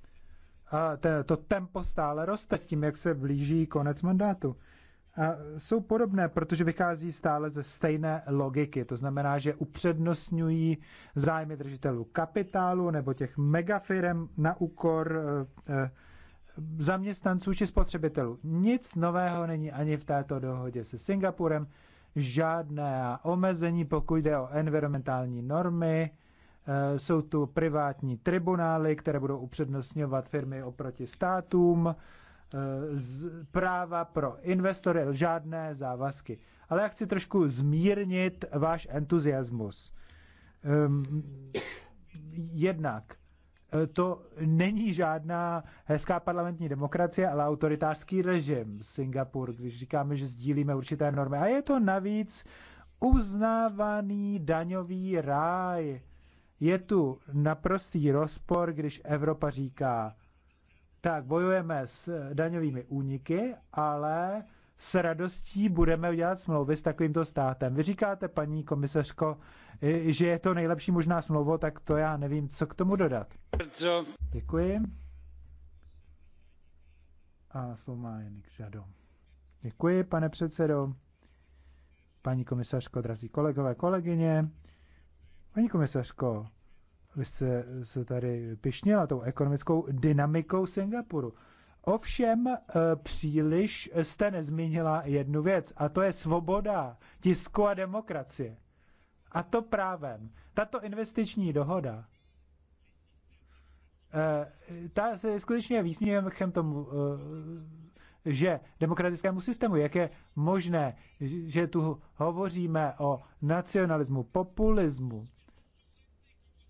A to, to tempo stále roste s tím, jak se blíží konec mandátu. A jsou podobné, protože vychází stále ze stejné logiky. To znamená, že upřednostňují zájmy držitelů kapitálu nebo těch megafirem na úkor eh, eh zaměstnanců či spotřebitelů. Nic nového není ani v této dohodě se Singapurem, žádné omezení, pokud jde o environmentální normy, e, jsou tu privátní tribunály, které budou upřednostňovat firmy oproti státům, e, práva pro investory, žádné závazky. Ale já chci trošku zmírnit váš entuziasmus. Ehm, jednak Eh, to není žádná hezká parlamentní demokracie, ale autoritářský režim Singapur, když říkáme, že sdílíme určité normy. A je to navíc uznávaný daňový ráj. Je tu naprostý rozpor, když Evropa říká, tak bojujeme s daňovými úniky, ale s radostí budeme udělat smlouvy s takovýmto státem. Vy říkáte, paní komisařko, že je to nejlepší možná slovo, tak to já nevím, co k tomu dodat. Co? Děkuji. A slovo má Janik Žado. Děkuji, pane předsedo. Paní komisařko, drazí kolegové, kolegyně. Paní komisařko, vy jste se tady pišnila tou ekonomickou dynamikou Singapuru. Ovšem eh, příliš jste nezmínila jednu věc, a to je svoboda tisku a demokracie. A to právem. Tato investiční dohoda, eh, ta se skutečně výsměvem tomu, eh, že demokratickému systému, jak je možné, že tu hovoříme o nacionalismu, populismu,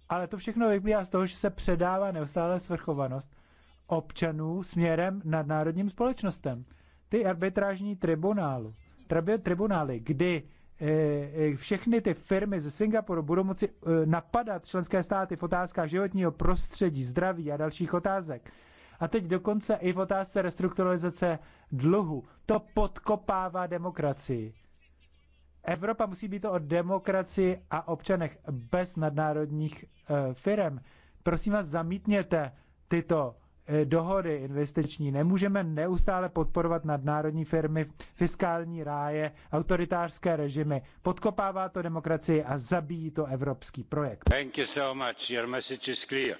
ale to všechno vyplývá z toho, že se předává neustále svrchovanost občanů směrem nad národním společnostem. Ty arbitrážní tribunálu, tribunály, kdy Eh, eh, všechny ty firmy ze Singapuru budou moci eh, napadat členské státy v otázkách životního prostředí, zdraví a dalších otázek. A teď dokonce i v otázce restrukturalizace dluhu. To podkopává demokracii. Evropa musí být o demokracii a občanech bez nadnárodních firm. Prosím vás, zamítněte tyto Eh, dohody investiční. Nemůžeme neustále podporovat nadnárodní firmy, fiskální ráje, autoritářské režimy. Podkopává to demokracii a zabíjí to evropský projekt. Thank you so much. Your message is clear.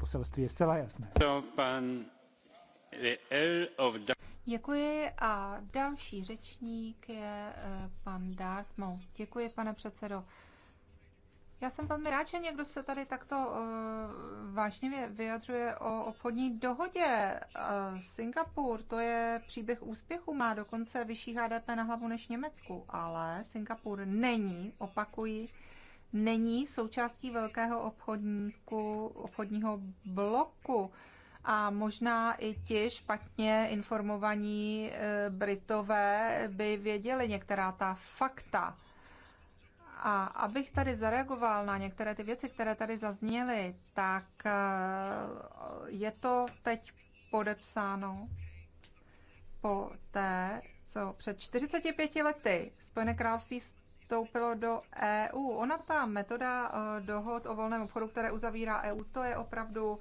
Poselství je zcela jasné. Eh, Děkuji a další řečník je eh, pan Dartmouth. Děkuji, pane předsedo. Já jsem velmi rád, že někdo se tady takto uh, eh, vážně vyjadřuje o obchodní dohodě. Uh, Singapur, to je příběh úspěchu, má dokonce vyšší HDP na hlavu než Německu, ale Singapur není, opakuji, není součástí velkého obchodníku, obchodního bloku. A možná i ti špatně informovaní eh, Britové by věděli některá ta fakta a abych tady zareagoval na některé ty věci, které tady zazněly, tak eh, je to teď podepsáno po té, co před 45 lety Spojené království vstoupilo do EU. Ona ta metoda eh, dohod o volném obchodu, které uzavírá EU, to je opravdu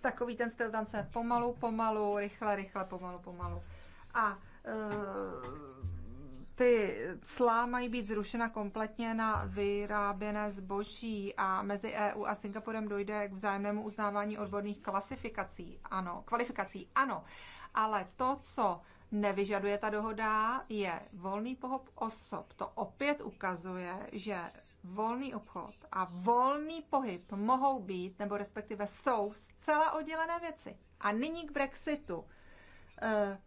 takový ten styl tance pomalu, pomalu, rychle, rychle, pomalu, pomalu. A eh, ty clá mají být zrušena kompletně na vyráběné zboží a mezi EU a Singapurem dojde k vzájemnému uznávání odborných klasifikací, ano, kvalifikací, ano. Ale to, co nevyžaduje ta dohoda, je volný pohyb osob. To opět ukazuje, že volný obchod a volný pohyb mohou být, nebo respektive jsou, zcela oddělené věci. A nyní k Brexitu. Eh,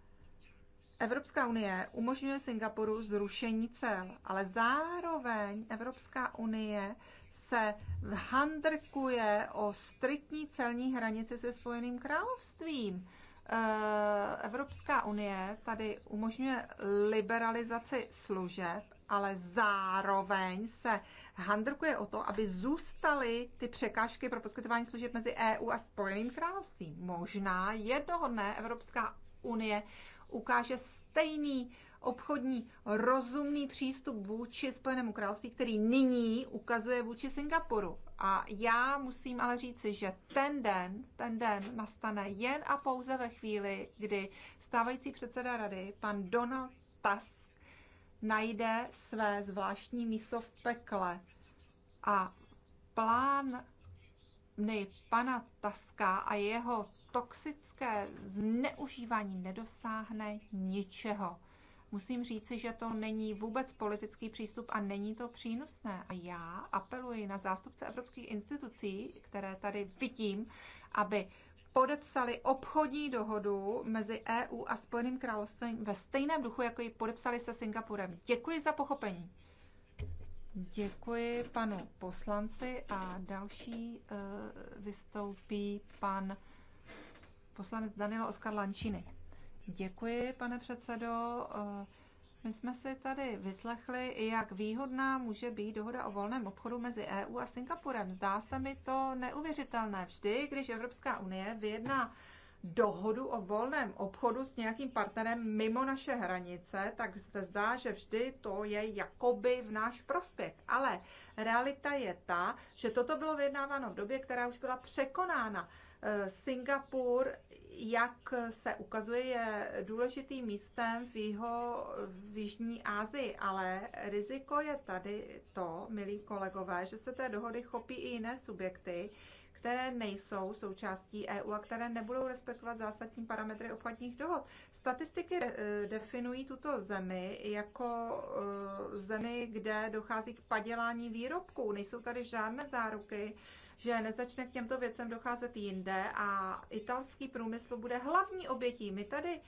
Evropská unie umožňuje Singapuru zrušení cel, ale zároveň Evropská unie se handrkuje o striktní celní hranici se Spojeným královstvím. Eh, Evropská unie tady umožňuje liberalizaci služeb, ale zároveň se handrkuje o to, aby zůstaly ty překážky pro poskytování služeb mezi EU a Spojeným královstvím. Možná jednoho dne Evropská unie ukáže stejný obchodní rozumný přístup vůči Spojenému království, který nyní ukazuje vůči Singapuru. A já musím ale říci, že ten den, ten den nastane jen a pouze ve chvíli, kdy stávající předseda rady, pan Donald Tusk, najde své zvláštní místo v pekle. A plán pana Taska a jeho toxické zneužívání nedosáhne ničeho. Musím říci, že to není vůbec politický přístup a není to přínosné. A já apeluji na zástupce evropských institucí, které tady vidím, aby podepsali obchodní dohodu mezi EU a Spojeným královstvím ve stejném duchu, jako ji podepsali se Singapurem. Děkuji za pochopení. Děkuji panu poslanci a další uh, vystoupí pan Poslanec Danilo Oskar Lančíny. Děkuji, pane předsedo. Eh, my jsme si tady vyslechli, jak výhodná může být dohoda o volném obchodu mezi EU a Singapurem. Zdá se mi to neuvěřitelné. Vždy, když Evropská unie vyjedná dohodu o volném obchodu s nějakým partnerem mimo naše hranice, tak se zdá, že vždy to je jakoby v náš prospěch. Ale realita je ta, že toto bylo vyjednáváno v době, která už byla překonána. Singapur, jak se ukazuje, je důležitým místem v, jeho, v Jižní Asii, ale riziko je tady to, milí kolegové, že se té dohody chopí i jiné subjekty, které nejsou součástí EU a které nebudou respektovat zásadní parametry obchodních dohod. Statistiky eh, definují tuto zemi jako eh, zemi, kde dochází k padělání výrobků. Nejsou tady žádné záruky že nezačne k těmto věcem docházet jinde a italský průmysl bude hlavní obětí. My tady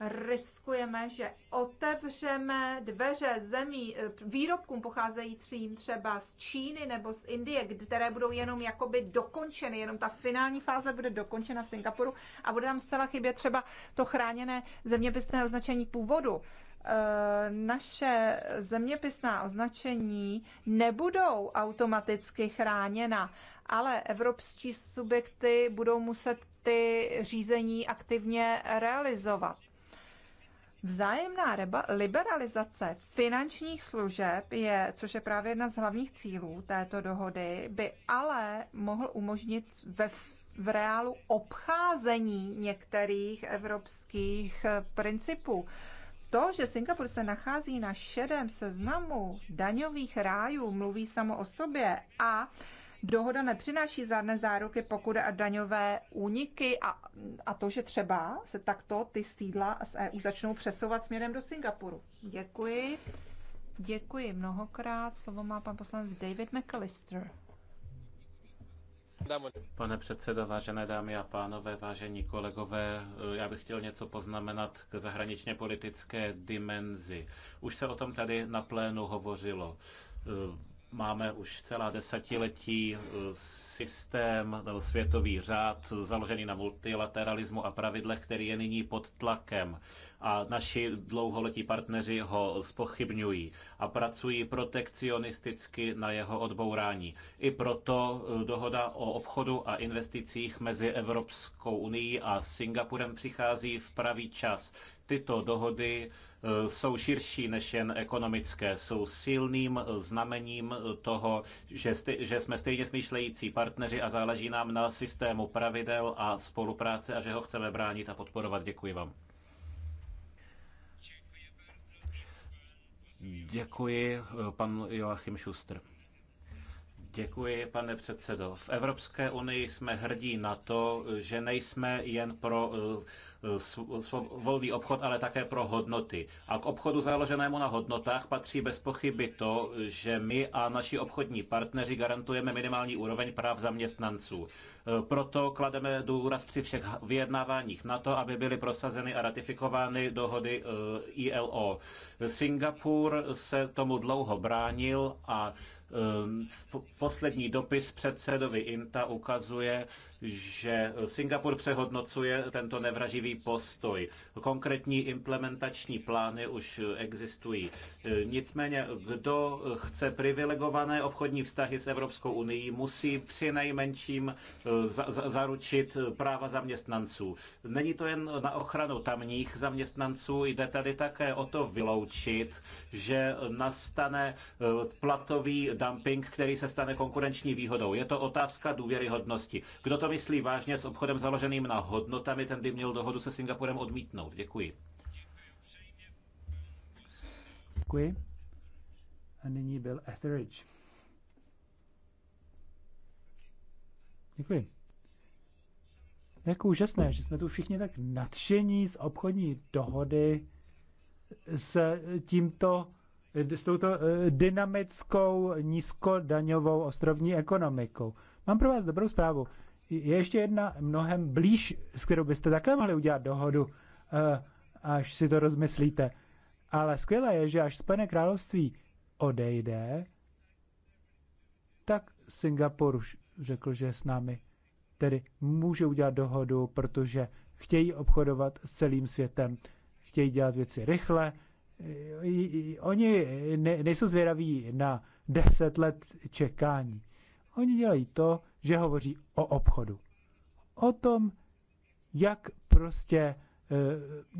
riskujeme, že otevřeme dveře zemí eh, výrobkům pocházejícím třeba z Číny nebo z Indie, které budou jenom jakoby dokončeny, jenom ta finální fáze bude dokončena v Singapuru a bude tam zcela chybět třeba to chráněné zeměpisné označení původu. Eh, naše zeměpisná označení nebudou automaticky chráněna, ale evropští subjekty budou muset ty řízení aktivně realizovat. Vzájemná liberalizace finančních služeb je, což je právě jedna z hlavních cílů této dohody, by ale mohl umožnit ve v reálu obcházení některých evropských principů. To, že Singapur se nachází na šedém seznamu daňových rájů, mluví samo o sobě a dohoda nepřináší žádné záruky, pokud a daňové úniky a, a to, že třeba se takto ty sídla z EU začnou přesouvat směrem do Singapuru. Děkuji. Děkuji mnohokrát. Slovo má pan poslanec David McAllister. Pane předsedo, vážené dámy a pánové, vážení kolegové, já bych chtěl něco poznamenat k zahraničně politické dimenzi. Už se o tom tady na plénu hovořilo. Máme už celá desetiletí eh, systém, světový řád, založený na multilateralismu a pravidlech, který je nyní pod tlakem. A naši dlouholetí partneři ho spochybňují a pracují protekcionisticky na jeho odbourání. I proto eh, dohoda o obchodu a investicích mezi Evropskou unii a Singapurem přichází v pravý čas. Tyto dohody Eh, jsou širší než jen ekonomické, jsou silným znamením toho, že, že jsme stejně smýšlející partneři a záleží nám na systému pravidel a spolupráce a že ho chceme bránit a podporovat. Děkuji vám. Děkuji, eh, pan Joachim Schuster. Děkuji, pane předsedo. V Evropské unii jsme hrdí na to, že nejsme jen pro eh, eh, volný obchod, ale také pro hodnoty. A k obchodu založenému na hodnotách patří bez pochyby to, že my a naši obchodní partneři garantujeme minimální úroveň práv zaměstnanců. Eh, proto klademe důraz při všech vyjednáváních na to, aby byly prosazeny a ratifikovány dohody ILO. Singapur se tomu dlouho bránil a Ehm, poslední dopis předsedovi INTA ukazuje, že Singapur přehodnocuje tento nevraživý postoj. Konkrétní implementační plány už existují. Nicméně, kdo chce privilegované obchodní vztahy s Evropskou unii, musí při nejmenším eh, zaručit práva zaměstnanců. Není to jen na ochranu tamních zaměstnanců, jde tady také o to vyloučit, že nastane eh, platový dumping, který se stane konkurenční výhodou. Je to otázka důvěryhodnosti. Kdo to myslí vážně s obchodem založeným na hodnotami, ten by měl dohodu se Singapurem odmítnout. Děkuji. Děkuji. A nyní byl Etheridge. Děkuji. Jak úžasné, že jsme tu všichni tak nadšení z obchodní dohody s tímto s touto eh, dynamickou nízkodaňovou ostrovní ekonomikou. Mám pro vás dobrou zprávu je ještě jedna mnohem blíž, s kterou byste také mohli udělat dohodu, eh, až si to rozmyslíte. Ale skvělé je, že až Spojené království odejde, tak Singapur už řekl, že s námi tedy může udělat dohodu, protože chtějí obchodovat s celým světem, chtějí dělat věci rychle. Oni nejsou zvědaví na deset let čekání. Oni dělají to, že hovoří o obchodu. O tom, jak prostě eh,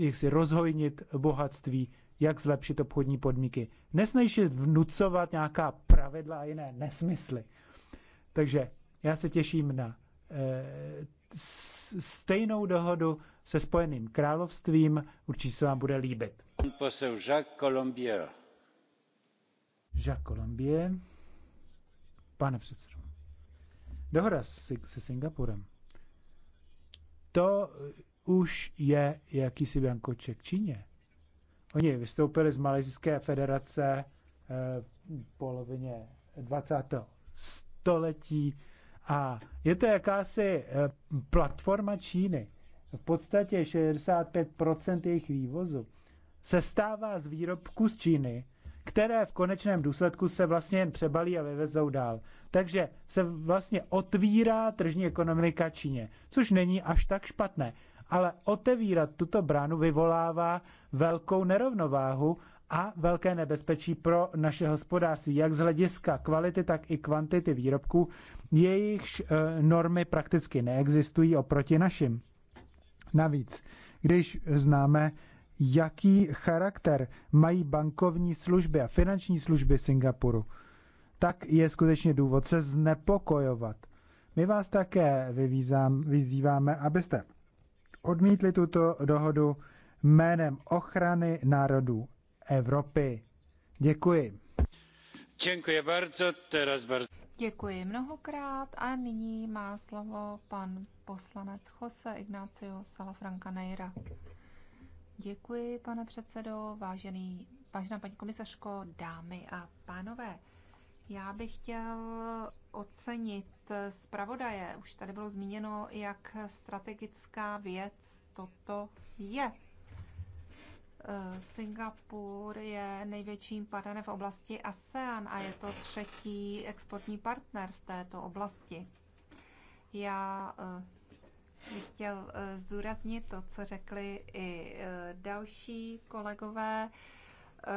jak si rozhojnit bohatství, jak zlepšit obchodní podmínky. Nesnejšit vnucovat nějaká pravidla a jiné nesmysly. Takže já se těším na eh, stejnou dohodu se Spojeným královstvím. Určitě se vám bude líbit. Posel Jacques Colombier. Jacques Colombier. Pane předsedo. Dohoda se Singapurem. To eh, už je jakýsi biankoček Číně. Oni vystoupili z Malajzijské federace eh, v polovině 20. století a je to jakási eh, platforma Číny. V podstatě 65% jejich vývozu se stává z výrobku z Číny, které v konečném důsledku se vlastně jen přebalí a vyvezou dál. Takže se vlastně otvírá tržní ekonomika Číně, což není až tak špatné. Ale otevírat tuto bránu vyvolává velkou nerovnováhu a velké nebezpečí pro naše hospodářství, jak z hlediska kvality, tak i kvantity výrobků, jejichž e, normy prakticky neexistují oproti našim. Navíc, když známe jaký charakter mají bankovní služby a finanční služby Singapuru, tak je skutečně důvod se znepokojovat. My vás také vyvízám, vyzýváme, abyste odmítli tuto dohodu jménem ochrany národů Evropy. Děkuji. Děkuji bardzo, teraz bardzo. Děkuji mnohokrát a nyní má slovo pan poslanec Jose Ignacio Salafranca Neira. Děkuji, pane předsedo, vážený, vážená paní komisařko, dámy a pánové. Já bych chtěl ocenit zpravodaje. Už tady bylo zmíněno, jak strategická věc toto je. Singapur je největším partnerem v oblasti ASEAN a je to třetí exportní partner v této oblasti. Já eh, bych chtěl eh, zdůraznit to, co řekli i eh, další kolegové. Eh,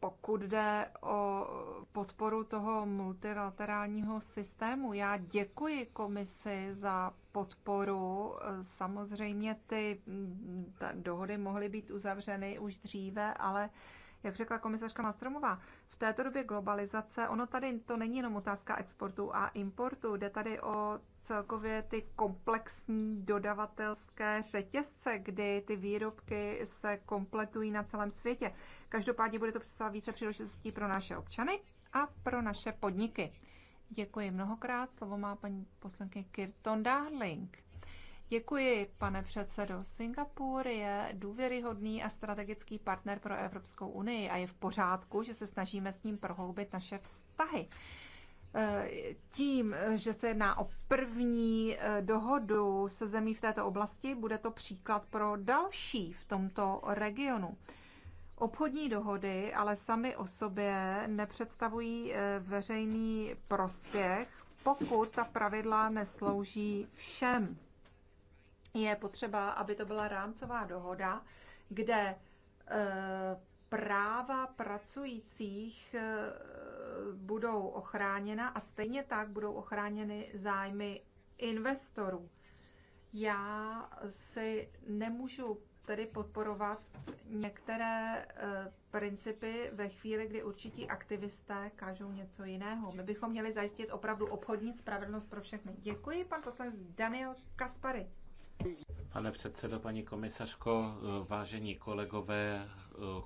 pokud jde o podporu toho multilaterálního systému, já děkuji komisi za podporu. Samozřejmě ty mm, dohody mohly být uzavřeny už dříve, ale jak řekla komisařka Mastromová, v této době globalizace, ono tady to není jenom otázka exportu a importu, jde tady o celkově ty komplexní dodavatelské řetězce, kdy ty výrobky se kompletují na celém světě. Každopádně bude to představovat více příležitostí pro naše občany a pro naše podniky. Děkuji mnohokrát. Slovo má paní poslankyně Kirton Darling. Děkuji, pane předsedo. Singapur je důvěryhodný a strategický partner pro Evropskou unii a je v pořádku, že se snažíme s ním prohloubit naše vztahy. Eh, tím, že se jedná o první eh, dohodu se zemí v této oblasti, bude to příklad pro další v tomto regionu. Obchodní dohody ale sami o sobě nepředstavují eh, veřejný prospěch, pokud ta pravidla neslouží všem. Vlastně je potřeba, aby to byla rámcová dohoda, kde eh, práva pracujících eh, budou ochráněna a stejně tak budou ochráněny zájmy investorů. Já si nemůžu tedy podporovat některé eh, principy ve chvíli, kdy určití aktivisté kážou něco jiného. My bychom měli zajistit opravdu obchodní spravedlnost pro všechny. Děkuji, pan poslanec Daniel Kaspary. Pane předsedo, paní komisařko, vážení kolegové,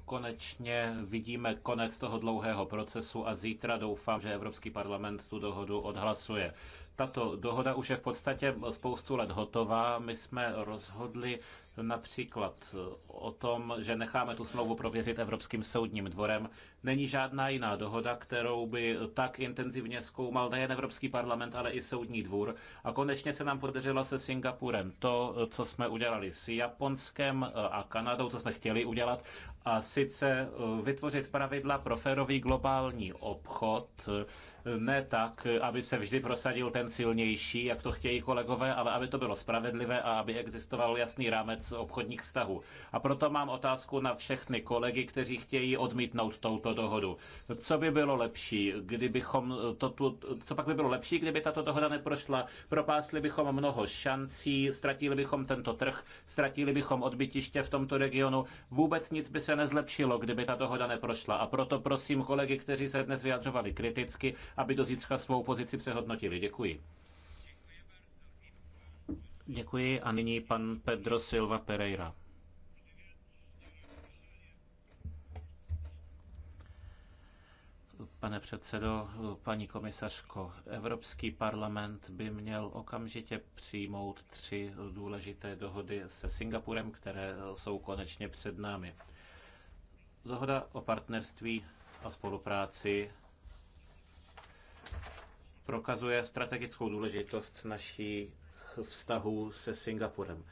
konečně vidíme konec toho dlouhého procesu a zítra doufám, že Evropský parlament tu dohodu odhlasuje. Tato dohoda už je v podstatě spoustu let hotová. My jsme rozhodli Například eh, o tom, že necháme tu smlouvu prověřit Evropským soudním dvorem. Není žádná jiná dohoda, kterou by tak intenzivně zkoumal nejen Evropský parlament, ale i soudní dvůr. A konečně se nám podařilo se Singapurem to, eh, co jsme udělali s Japonskem eh, a Kanadou, co jsme chtěli udělat a sice eh, vytvořit pravidla pro férový globální obchod, eh, ne tak, eh, aby se vždy prosadil ten silnější, jak to chtějí kolegové, ale aby to bylo spravedlivé a aby existoval jasný rámec obchodních vztahů. A proto mám otázku na všechny kolegy, kteří chtějí odmítnout touto dohodu. Co by bylo lepší, kdybychom to tu, co pak by bylo lepší, kdyby tato dohoda neprošla? Propásli bychom mnoho šancí, ztratili bychom tento trh, ztratili bychom odbytiště v tomto regionu, vůbec nic by se nezlepšilo, kdyby ta dohoda neprošla. A proto prosím kolegy, kteří se dnes vyjadřovali kriticky, aby do zítřka svou pozici přehodnotili. Děkuji. Děkuji a nyní pan Pedro Silva Pereira. Pane předsedo, paní komisařko, Evropský parlament by měl okamžitě přijmout tři důležité dohody se Singapurem, které jsou konečně před námi. Dohoda o partnerství a spolupráci prokazuje strategickou důležitost našich vztahů se Singapurem.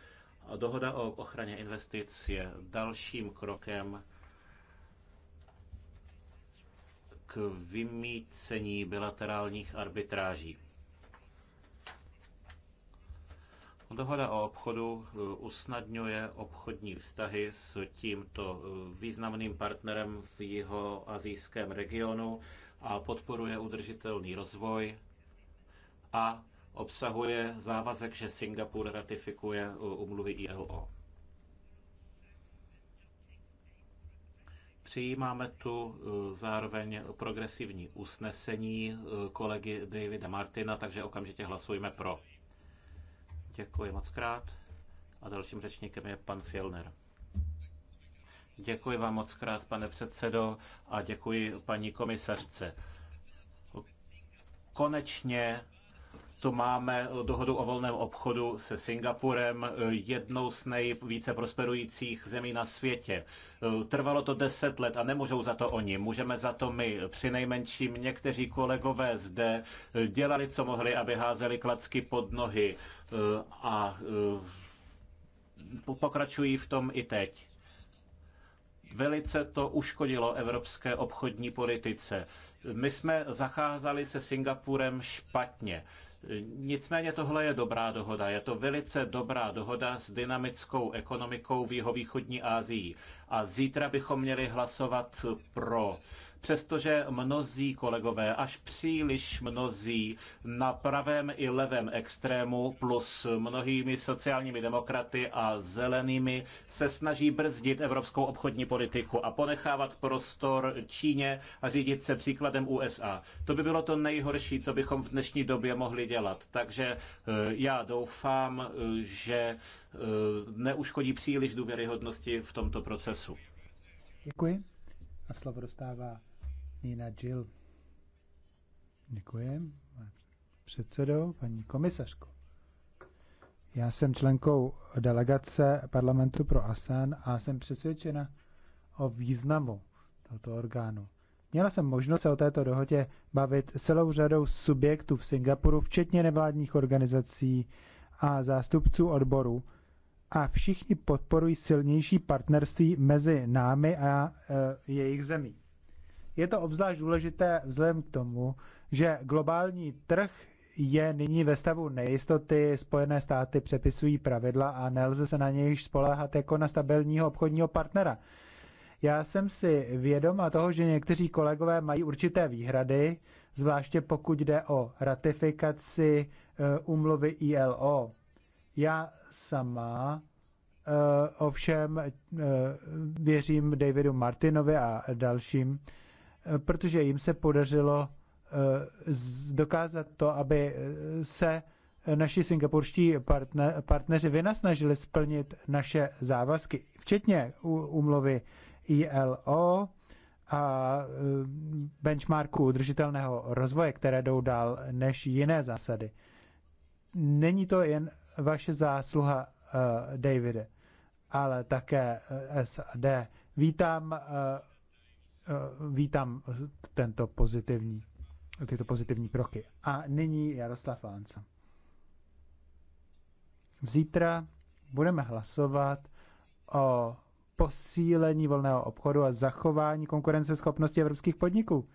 A dohoda o ochraně investic je dalším krokem k vymícení bilaterálních arbitráží. Dohoda o obchodu eh, usnadňuje obchodní vztahy s tímto eh, významným partnerem v jeho azijském regionu a podporuje udržitelný rozvoj a obsahuje závazek, že Singapur ratifikuje eh, umluvy ILO. Přijímáme tu zároveň progresivní usnesení kolegy Davida Martina, takže okamžitě hlasujeme pro. Děkuji moc krát. A dalším řečníkem je pan Fielner. Děkuji vám moc krát, pane předsedo, a děkuji paní komisařce. Konečně tu máme dohodu o volném obchodu se Singapurem, jednou z nejvíce prosperujících zemí na světě. Trvalo to deset let a nemůžou za to oni, můžeme za to my. Při nejmenším někteří kolegové zde dělali, co mohli, aby házeli klacky pod nohy eh, a eh, pokračují v tom i teď. Velice to uškodilo evropské obchodní politice. My jsme zacházeli se Singapurem špatně. Nicméně tohle je dobrá dohoda. Je to velice dobrá dohoda s dynamickou ekonomikou v jihovýchodní Asii. A zítra bychom měli hlasovat pro přestože mnozí kolegové, až příliš mnozí na pravém i levém extrému plus mnohými sociálními demokraty a zelenými se snaží brzdit evropskou obchodní politiku a ponechávat prostor Číně a řídit se příkladem USA. To by bylo to nejhorší, co bychom v dnešní době mohli dělat. Takže eh, já doufám, eh, že eh, neuškodí příliš důvěryhodnosti v tomto procesu. Děkuji. A slovo dostává Nina Jill. Děkuji. Předsedo, paní komisařko. Já jsem členkou delegace parlamentu pro ASEAN a jsem přesvědčena o významu tohoto orgánu. Měla jsem možnost se o této dohodě bavit celou řadou subjektů v Singapuru, včetně nevládních organizací a zástupců odboru, A všichni podporují silnější partnerství mezi námi a e, jejich zemí. Je to obzvlášť důležité vzhledem k tomu, že globální trh je nyní ve stavu nejistoty. Spojené státy přepisují pravidla a nelze se na něj spoléhat jako na stabilního obchodního partnera. Já jsem si vědoma toho, že někteří kolegové mají určité výhrady, zvláště pokud jde o ratifikaci umluvy eh, ILO. Já sama eh, ovšem eh, věřím Davidu Martinovi a dalším, Eh, protože jim se podařilo eh, dokázat to, aby eh, se naši singapurští partner, partneři vynasnažili splnit naše závazky, včetně úmluvy ILO a benchmarku udržitelného rozvoje, které jdou dál než jiné zásady. Není to jen vaše zásluha, Davide, ale také SAD. Vítám Eh, vítám tento pozitivní, tyto pozitivní kroky. A nyní Jaroslav Lánca. Zítra budeme hlasovat o posílení volného obchodu a zachování konkurenceschopnosti evropských podniků.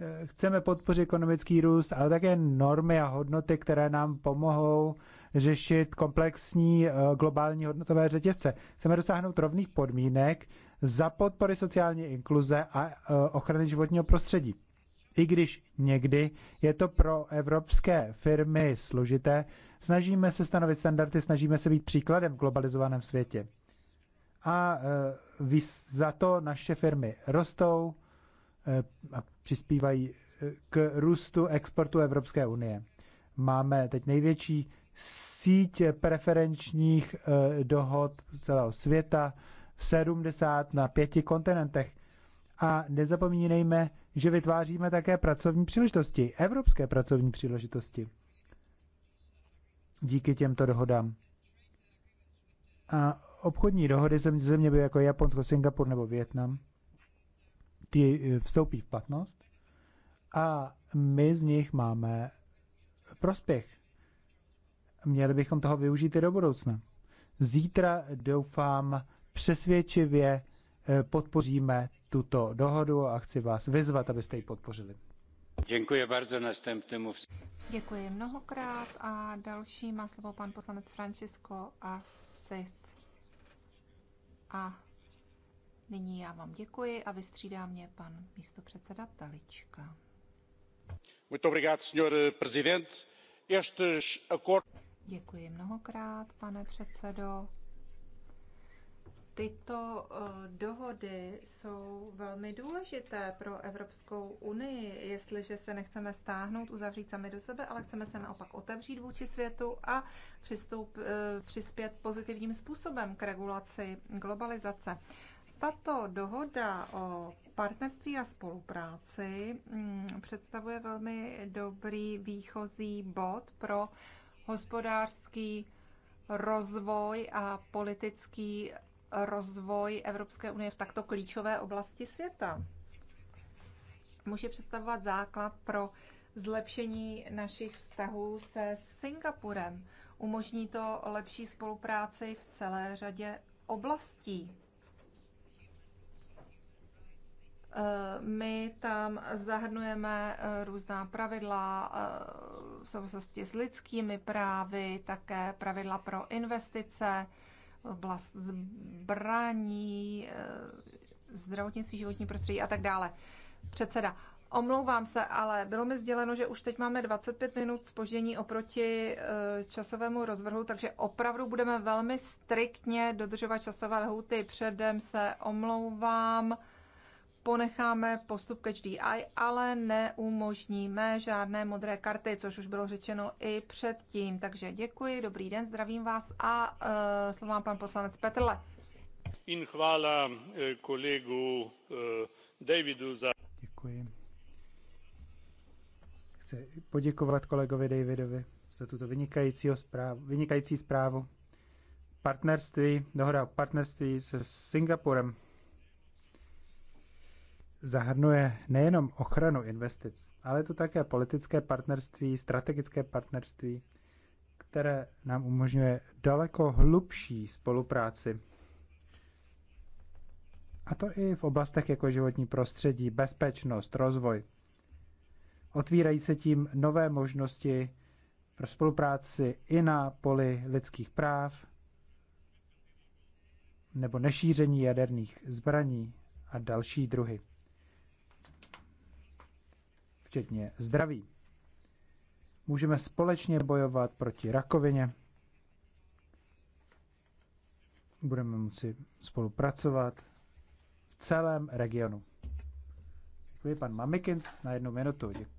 Eh, chceme podpořit ekonomický růst, ale také normy a hodnoty, které nám pomohou řešit komplexní eh, globální hodnotové řetězce. Chceme dosáhnout rovných podmínek za podpory sociální inkluze a e, ochrany životního prostředí. I když někdy je to pro evropské firmy složité, snažíme se stanovit standardy, snažíme se být příkladem v globalizovaném světě. A e, za to naše firmy rostou e, a přispívají k růstu exportu Evropské unie. Máme teď největší síť preferenčních dohod celého světa, 70 na pěti kontinentech. A nezapomínejme, že vytváříme také pracovní příležitosti, evropské pracovní příležitosti. Díky těmto dohodám. A obchodní dohody země, země jako Japonsko, Singapur nebo Větnam, ty eh, vstoupí v platnost a my z nich máme prospěch. Měli bychom toho využít i do budoucna. Zítra doufám, přesvědčivě eh, podpoříme tuto dohodu a chci vás vyzvat, abyste ji podpořili. Děkuji bardzo następnému. Děkuji mnohokrát a další má slovo pan poslanec Francisco Assis. A nyní já vám děkuji a vystřídá mě pan místopředseda Talička. Muito obrigado, senhor eh, presidente. Estes acordos. Děkuji mnohokrát, pane předsedo. Tyto eh, dohody jsou velmi důležité pro Evropskou unii, jestliže se nechceme stáhnout, uzavřít sami do sebe, ale chceme se naopak otevřít vůči světu a přistup, eh, přispět pozitivním způsobem k regulaci globalizace. Tato dohoda o partnerství a spolupráci mm, představuje velmi dobrý výchozí bod pro hospodářský rozvoj a politický rozvoj Evropské unie v takto klíčové oblasti světa. Může představovat základ pro zlepšení našich vztahů se Singapurem. Umožní to lepší spolupráci v celé řadě oblastí. Eh, my tam zahrnujeme eh, různá pravidla eh, v souvislosti s lidskými právy, také pravidla pro investice, oblast zbraní, eh, zdravotnictví, životní prostředí a tak dále. Předseda, omlouvám se, ale bylo mi sděleno, že už teď máme 25 minut spoždění oproti eh, časovému rozvrhu, takže opravdu budeme velmi striktně dodržovat časové lhuty. Předem se omlouvám ponecháme postup ke HDI, ale neumožníme žádné modré karty, což už bylo řečeno i předtím. Takže děkuji, dobrý den, zdravím vás a uh, slovo má pan poslanec Petrle. In chvála eh, kolegu uh, Davidu za... Děkuji. Chci poděkovat kolegovi Davidovi za tuto vynikající zprávu, vynikající zprávu. Partnerství, dohoda o partnerství se Singapurem zahrnuje nejenom ochranu investic, ale je to také politické partnerství, strategické partnerství, které nám umožňuje daleko hlubší spolupráci. A to i v oblastech jako životní prostředí, bezpečnost, rozvoj. Otvírají se tím nové možnosti pro spolupráci i na poli lidských práv nebo nešíření jaderných zbraní a další druhy včetně zdraví. Můžeme společně bojovat proti rakovině, budeme moci spolupracovat v celém regionu. Děkuji pan Mamikins na jednu minutu. Děkuji.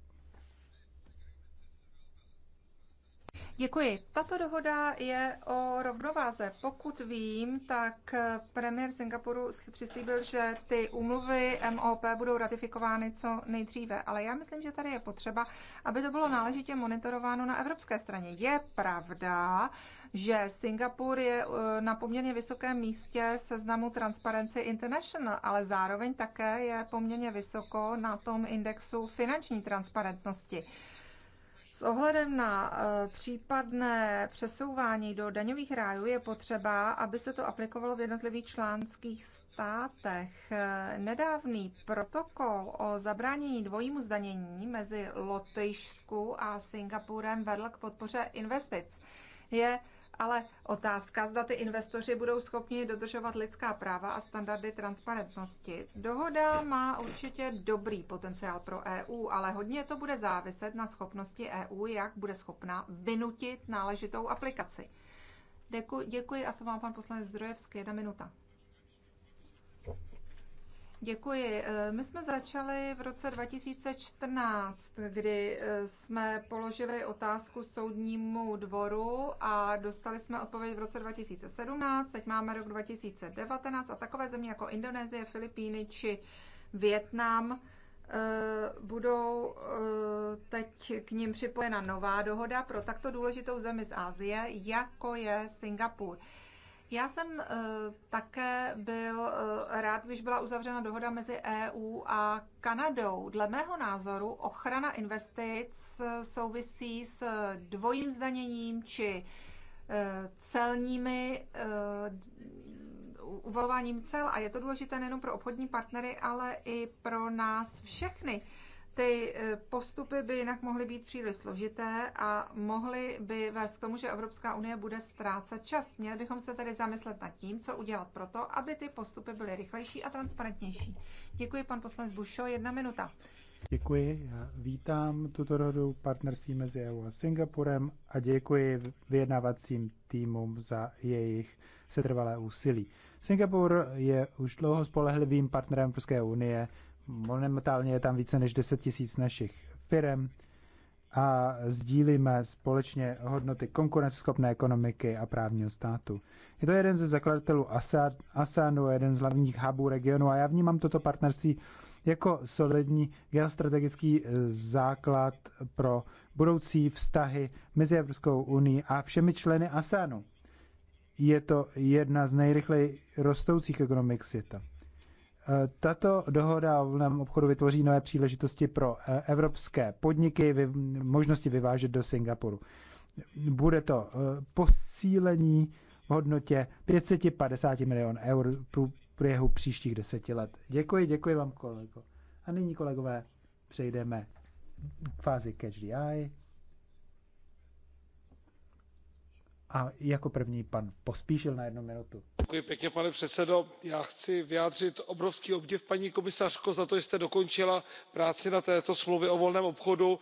Děkuji. Tato dohoda je o rovnováze. Pokud vím, tak premiér Singapuru přislíbil, že ty úmluvy MOP budou ratifikovány co nejdříve, ale já myslím, že tady je potřeba, aby to bylo náležitě monitorováno na evropské straně. Je pravda, že Singapur je eh, na poměrně vysokém místě seznamu Transparency International, ale zároveň také je poměrně vysoko na tom indexu finanční transparentnosti. S ohledem na eh, případné přesouvání do daňových rájů je potřeba, aby se to aplikovalo v jednotlivých článských státech. Eh, nedávný protokol o zabránění dvojímu zdanění mezi Lotyšsku a Singapurem vedl k podpoře investic. Je ale otázka, zda ty investoři budou schopni dodržovat lidská práva a standardy transparentnosti. Dohoda má určitě dobrý potenciál pro EU, ale hodně to bude záviset na schopnosti EU, jak bude schopna vynutit náležitou aplikaci. Děkuji, děkuji a se vám pan poslanec Zdrojevský, jedna minuta. Děkuji. Eh, my jsme začali v roce 2014, kdy eh, jsme položili otázku soudnímu dvoru a dostali jsme odpověď v roce 2017, teď máme rok 2019 a takové země jako Indonésie, Filipíny či Větnam eh, budou teď k ním připojena nová dohoda pro takto důležitou zemi z Asie, jako je Singapur. Já jsem eh, také byl eh, rád, když byla uzavřena dohoda mezi EU a Kanadou. Dle mého názoru ochrana investic eh, souvisí s dvojím zdaněním či celními uvalováním cel a je to důležité nejen pro obchodní partnery, ale i pro nás všechny ty eh, postupy by jinak mohly být příliš složité a mohly by vést k tomu, že Evropská unie bude ztrácet čas. Měli bychom se tedy zamyslet nad tím, co udělat pro to, aby ty postupy byly rychlejší a transparentnější. Děkuji, pan poslanec Bušo, jedna minuta. Děkuji, já vítám tuto rodu partnerství mezi EU a Singapurem a děkuji vyjednávacím týmům za jejich setrvalé úsilí. Singapur je už dlouho spolehlivým partnerem Evropské unie momentálně je tam více než 10 tisíc našich firm a sdílíme společně hodnoty konkurenceschopné ekonomiky a právního státu. Je to jeden ze zakladatelů ASEANu, jeden z hlavních hubů regionu a já vnímám toto partnerství jako solidní geostrategický eh, základ pro budoucí vztahy mezi Evropskou unii a všemi členy ASEANu. Je to jedna z nejrychleji rostoucích ekonomik světa. Tato dohoda o volném obchodu vytvoří nové příležitosti pro eh, evropské podniky, možnosti vyvážet do Singapuru. Bude to eh, posílení v hodnotě 550 milion eur v průběhu příštích deseti let. Děkuji, děkuji vám, kolego. A nyní, kolegové, přejdeme k fázi Catch the Eye. A jako první pan pospíšil na jednu minutu. pane předsedo. Já chci vyjádřit obrovský obdiv paní komisařko za to, že jste dokončila práci na této smlouvě o volném obchodu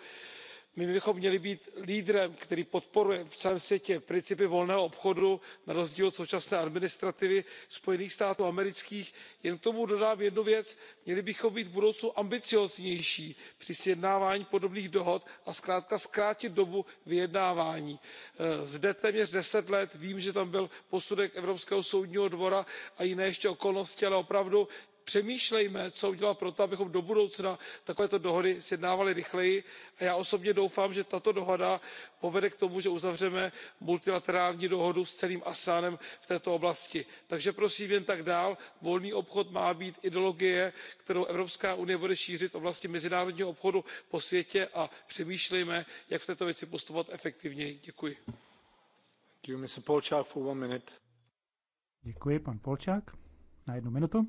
my bychom měli být lídrem který podporuje v celém světě principy volného obchodu na rozdíl od současné administrativy spojených států amerických. jen k tomu dodám jednu věc měli bychom být v budoucnu ambicióznější při sjednávání podobných dohod a zkrátka zkrátit dobu vyjednávání. Eh, zde téměř deset let vím že tam byl posudek evropského soudního dvora a jiné ještě okolnosti ale opravdu přemýšlejme co udělat pro to abychom do budoucna takovéto dohody sjednávali rychleji a já osobně doufám že tato dohoda povede k tomu že uzavřeme multilaterální dohodu s celým asean v této oblasti. takže prosím jen tak dál volný obchod má být ideologie kterou evropská unie bude šířit v oblasti mezinárodního obchodu po světě a přemýšlejme jak v této věci postupovat efektivněji. děkuji. Děkuji, jednu minutu.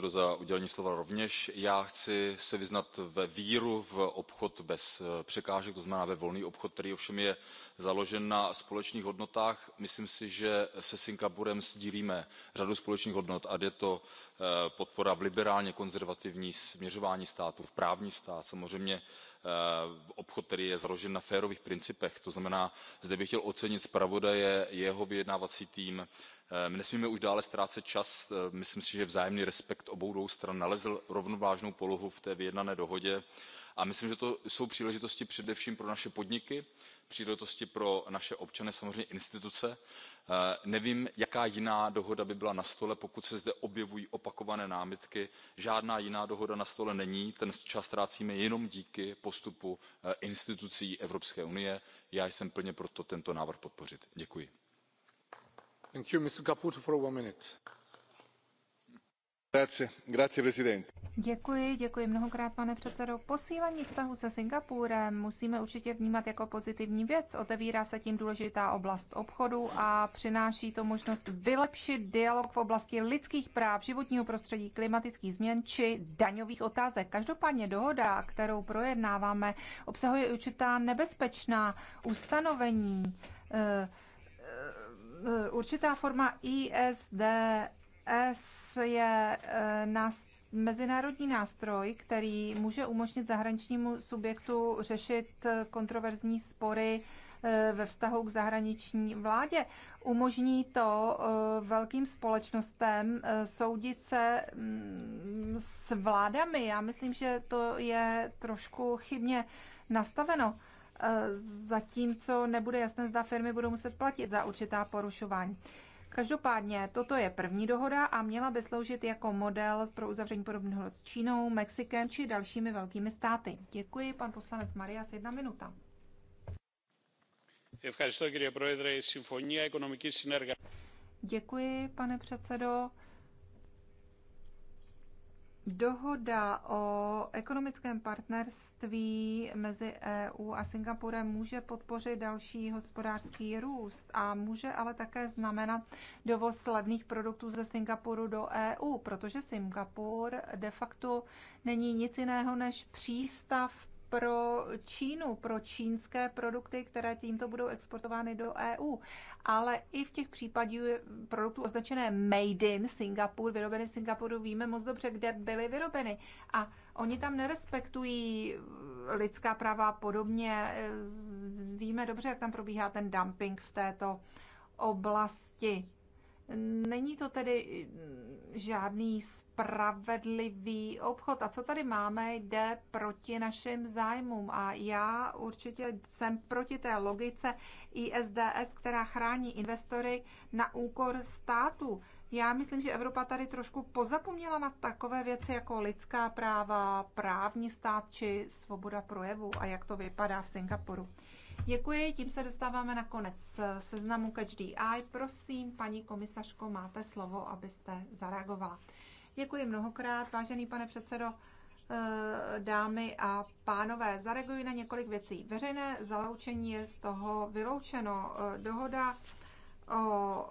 předsedající rovněž já se chci vyznat ve víru v obchod bez eh, překážek to znamená ve volný obchod který ovšem je založen na společných hodnotách. myslím si že se singapurem sdílíme řadu společných hodnot ať je to eh, podpora liberálně konzervativního směřování státu v právní stát samozřejmě Eh, obchod který je založen na férových principech to znamená zde bych chtěl ocenit zpravodaje jeho vyjednávací tým. Eh, nesmíme už dále ztrácet čas eh, myslím si že vzájemný respekt obou dvou stran nalezl rovnovážnou polohu v té vyjednané dohodě a myslím že to jsou příležitosti především pro naše podniky příležitosti pro naše občany samozřejmě instituce. Eh, nevím jaká jiná dohoda by byla na stole pokud se zde objevují opakované námitky žádná jiná dohoda na stole není ten čas ztrácíme jenom díky postupu eh, institucí evropské unie. já jsem plně pro to tento návrh podpořit. děkuji. presidente Děkuji, děkuji mnohokrát, pane předsedo. Posílení vztahu se Singapurem musíme určitě vnímat jako pozitivní věc. Otevírá se tím důležitá oblast obchodu a přináší to možnost vylepšit dialog v oblasti lidských práv, životního prostředí, klimatických změn či daňových otázek. Každopádně dohoda, kterou projednáváme, obsahuje určitá nebezpečná ustanovení, eh, eh, určitá forma ISDS je eh, na mezinárodní nástroj, který může umožnit zahraničnímu subjektu řešit kontroverzní spory eh, ve vztahu k zahraniční vládě. Umožní to eh, velkým společnostem eh, soudit se mm, s vládami. Já myslím, že to je trošku chybně nastaveno. Zatímco nebude jasné, zda firmy budou muset platit za určitá porušování. Každopádně toto je první dohoda a měla by sloužit jako model pro uzavření podobných dohod s Čínou, Mexikem či dalšími velkými státy. Děkuji, pan poslanec Marias, jedna minuta. Děkuji, pane předsedo. Dohoda o ekonomickém partnerství mezi EU a Singapurem může podpořit další hospodářský růst a může ale také znamenat dovoz levných produktů ze Singapuru do EU, protože Singapur de facto není nic jiného než přístav pro Čínu, pro čínské produkty, které tímto budou exportovány do EU. Ale i v těch případů produktů označené Made in Singapur, vyrobeny v Singapuru, víme moc dobře, kde byly vyrobeny. A oni tam nerespektují lidská práva a podobně. Víme dobře, jak tam probíhá ten dumping v této oblasti. Není to tedy eh, žádný spravedlivý obchod. A co tady máme, jde proti našim zájmům. A já určitě jsem proti té logice ISDS, která chrání investory na úkor státu. Já myslím, že Evropa tady trošku pozapomněla na takové věci jako lidská práva, právní stát či svoboda projevu a jak to vypadá v Singapuru. Děkuji, tím se dostáváme na konec seznamu Catch the Eye. Prosím, paní komisařko, máte slovo, abyste zareagovala. Děkuji mnohokrát, vážený pane předsedo, eh, dámy a pánové. Zareaguji na několik věcí. Veřejné zaloučení je z toho vyloučeno. Eh, dohoda o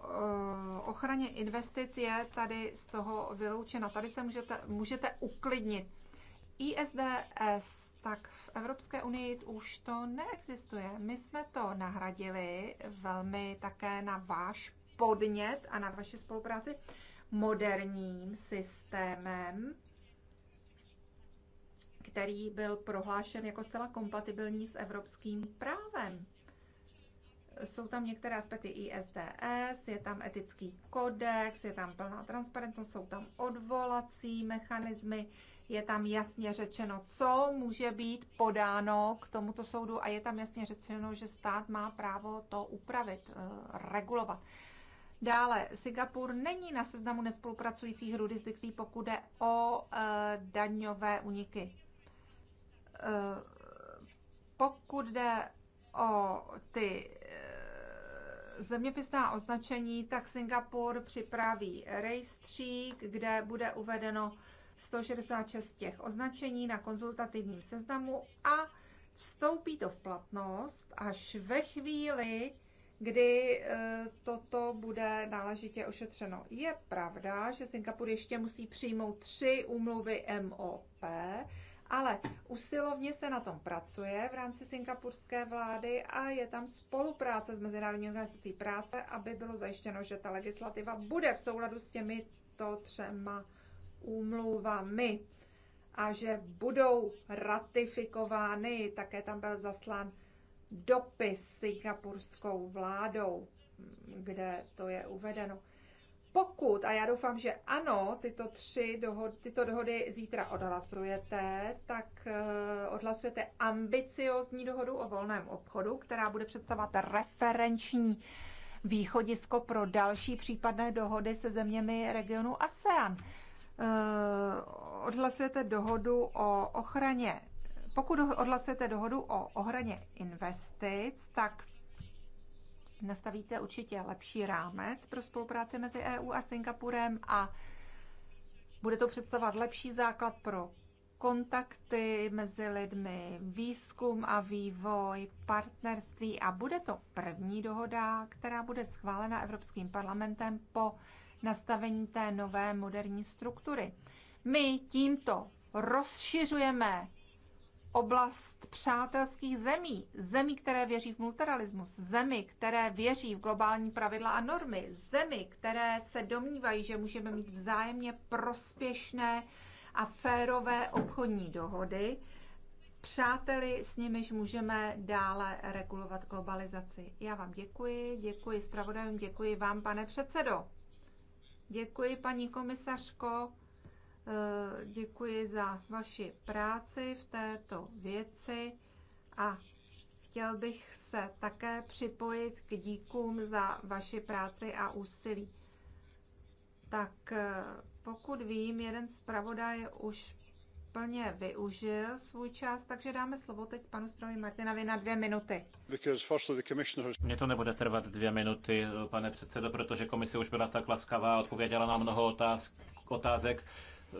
ochraně investic je tady z toho vyloučena. Tady se můžete, můžete uklidnit. ISDS, tak v Evropské unii už to neexistuje. My jsme to nahradili velmi také na váš podnět a na vaši spolupráci moderním systémem, který byl prohlášen jako zcela kompatibilní s evropským právem jsou tam některé aspekty ISDS, je tam etický kodex, je tam plná transparentnost, jsou tam odvolací mechanismy, je tam jasně řečeno, co může být podáno k tomuto soudu a je tam jasně řečeno, že stát má právo to upravit, eh, regulovat. Dále, Singapur není na seznamu nespolupracujících jurisdikcí, pokud jde o eh, daňové uniky. Eh, pokud jde o ty eh, zeměpisná označení, tak Singapur připraví rejstřík, kde bude uvedeno 166 těch označení na konzultativním seznamu a vstoupí to v platnost až ve chvíli, kdy eh, toto bude náležitě ošetřeno. Je pravda, že Singapur ještě musí přijmout tři úmluvy MOP, ale usilovně se na tom pracuje v rámci singapurské vlády a je tam spolupráce s Mezinárodní organizací práce, aby bylo zajištěno, že ta legislativa bude v souladu s těmito třema úmluvami a že budou ratifikovány. Také tam byl zaslán dopis singapurskou vládou, kde to je uvedeno. Pokud, a já doufám, že ano, tyto tři dohody, tyto dohody zítra odhlasujete, tak eh, odhlasujete ambiciozní dohodu o volném obchodu, která bude představovat referenční východisko pro další případné dohody se zeměmi regionu ASEAN. Eh, odhlasujete dohodu o ochraně pokud odhlasujete dohodu o ochraně investic, tak nastavíte určitě lepší rámec pro spolupráci mezi EU a Singapurem a bude to představovat lepší základ pro kontakty mezi lidmi, výzkum a vývoj, partnerství a bude to první dohoda, která bude schválena Evropským parlamentem po nastavení té nové moderní struktury. My tímto rozšiřujeme oblast přátelských zemí, zemí, které věří v multilateralismus, zemí, které věří v globální pravidla a normy, zemí, které se domnívají, že můžeme mít vzájemně prospěšné a férové obchodní dohody, přáteli, s nimiž můžeme dále regulovat globalizaci. Já vám děkuji, děkuji zpravodajům, děkuji vám, pane předsedo. Děkuji, paní komisařko. Eh, děkuji za vaši práci v této věci a chtěl bych se také připojit k díkům za vaši práci a úsilí. Tak eh, pokud vím, jeden zpravodaj už plně využil svůj čas, takže dáme slovo teď panu zpravodaji Martinovi na dvě minuty. Mně to nebude trvat dvě minuty, eh, pane předsedo, protože komise už byla tak laskavá, odpověděla na mnoho otázek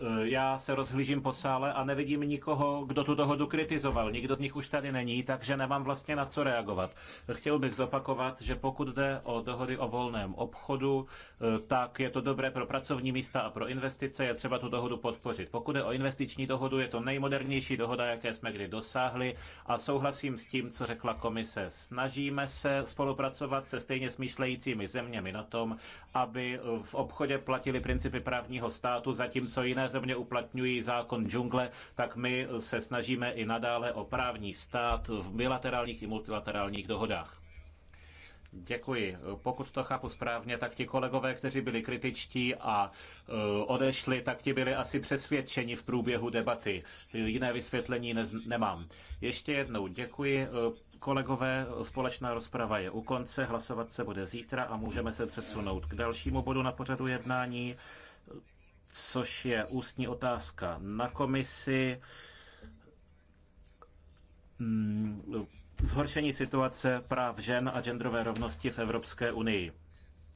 Eh, já se rozhlížím po sále a nevidím nikoho, kdo tu dohodu kritizoval. Nikdo z nich už tady není, takže nemám vlastně na co reagovat. Chtěl bych zopakovat, že pokud jde o dohody o volném obchodu, eh, tak je to dobré pro pracovní místa a pro investice, je třeba tu dohodu podpořit. Pokud jde o investiční dohodu, je to nejmodernější dohoda, jaké jsme kdy dosáhli a souhlasím s tím, co řekla komise. Snažíme se spolupracovat se stejně smýšlejícími zeměmi na tom, aby v obchodě platili principy právního státu, zatímco jiné jiné země uplatňují zákon džungle, tak my se snažíme i nadále o právní stát v bilaterálních i multilaterálních dohodách. Děkuji. Pokud to chápu správně, tak ti kolegové, kteří byli kritičtí a e, odešli, tak ti byli asi přesvědčeni v průběhu debaty. Jiné vysvětlení ne- nemám. Ještě jednou děkuji. E, kolegové, společná rozprava je u konce, hlasovat se bude zítra a můžeme se přesunout k dalšímu bodu na pořadu jednání což je ústní otázka na komisi. Mm, zhoršení situace práv žen a genderové rovnosti v Evropské unii.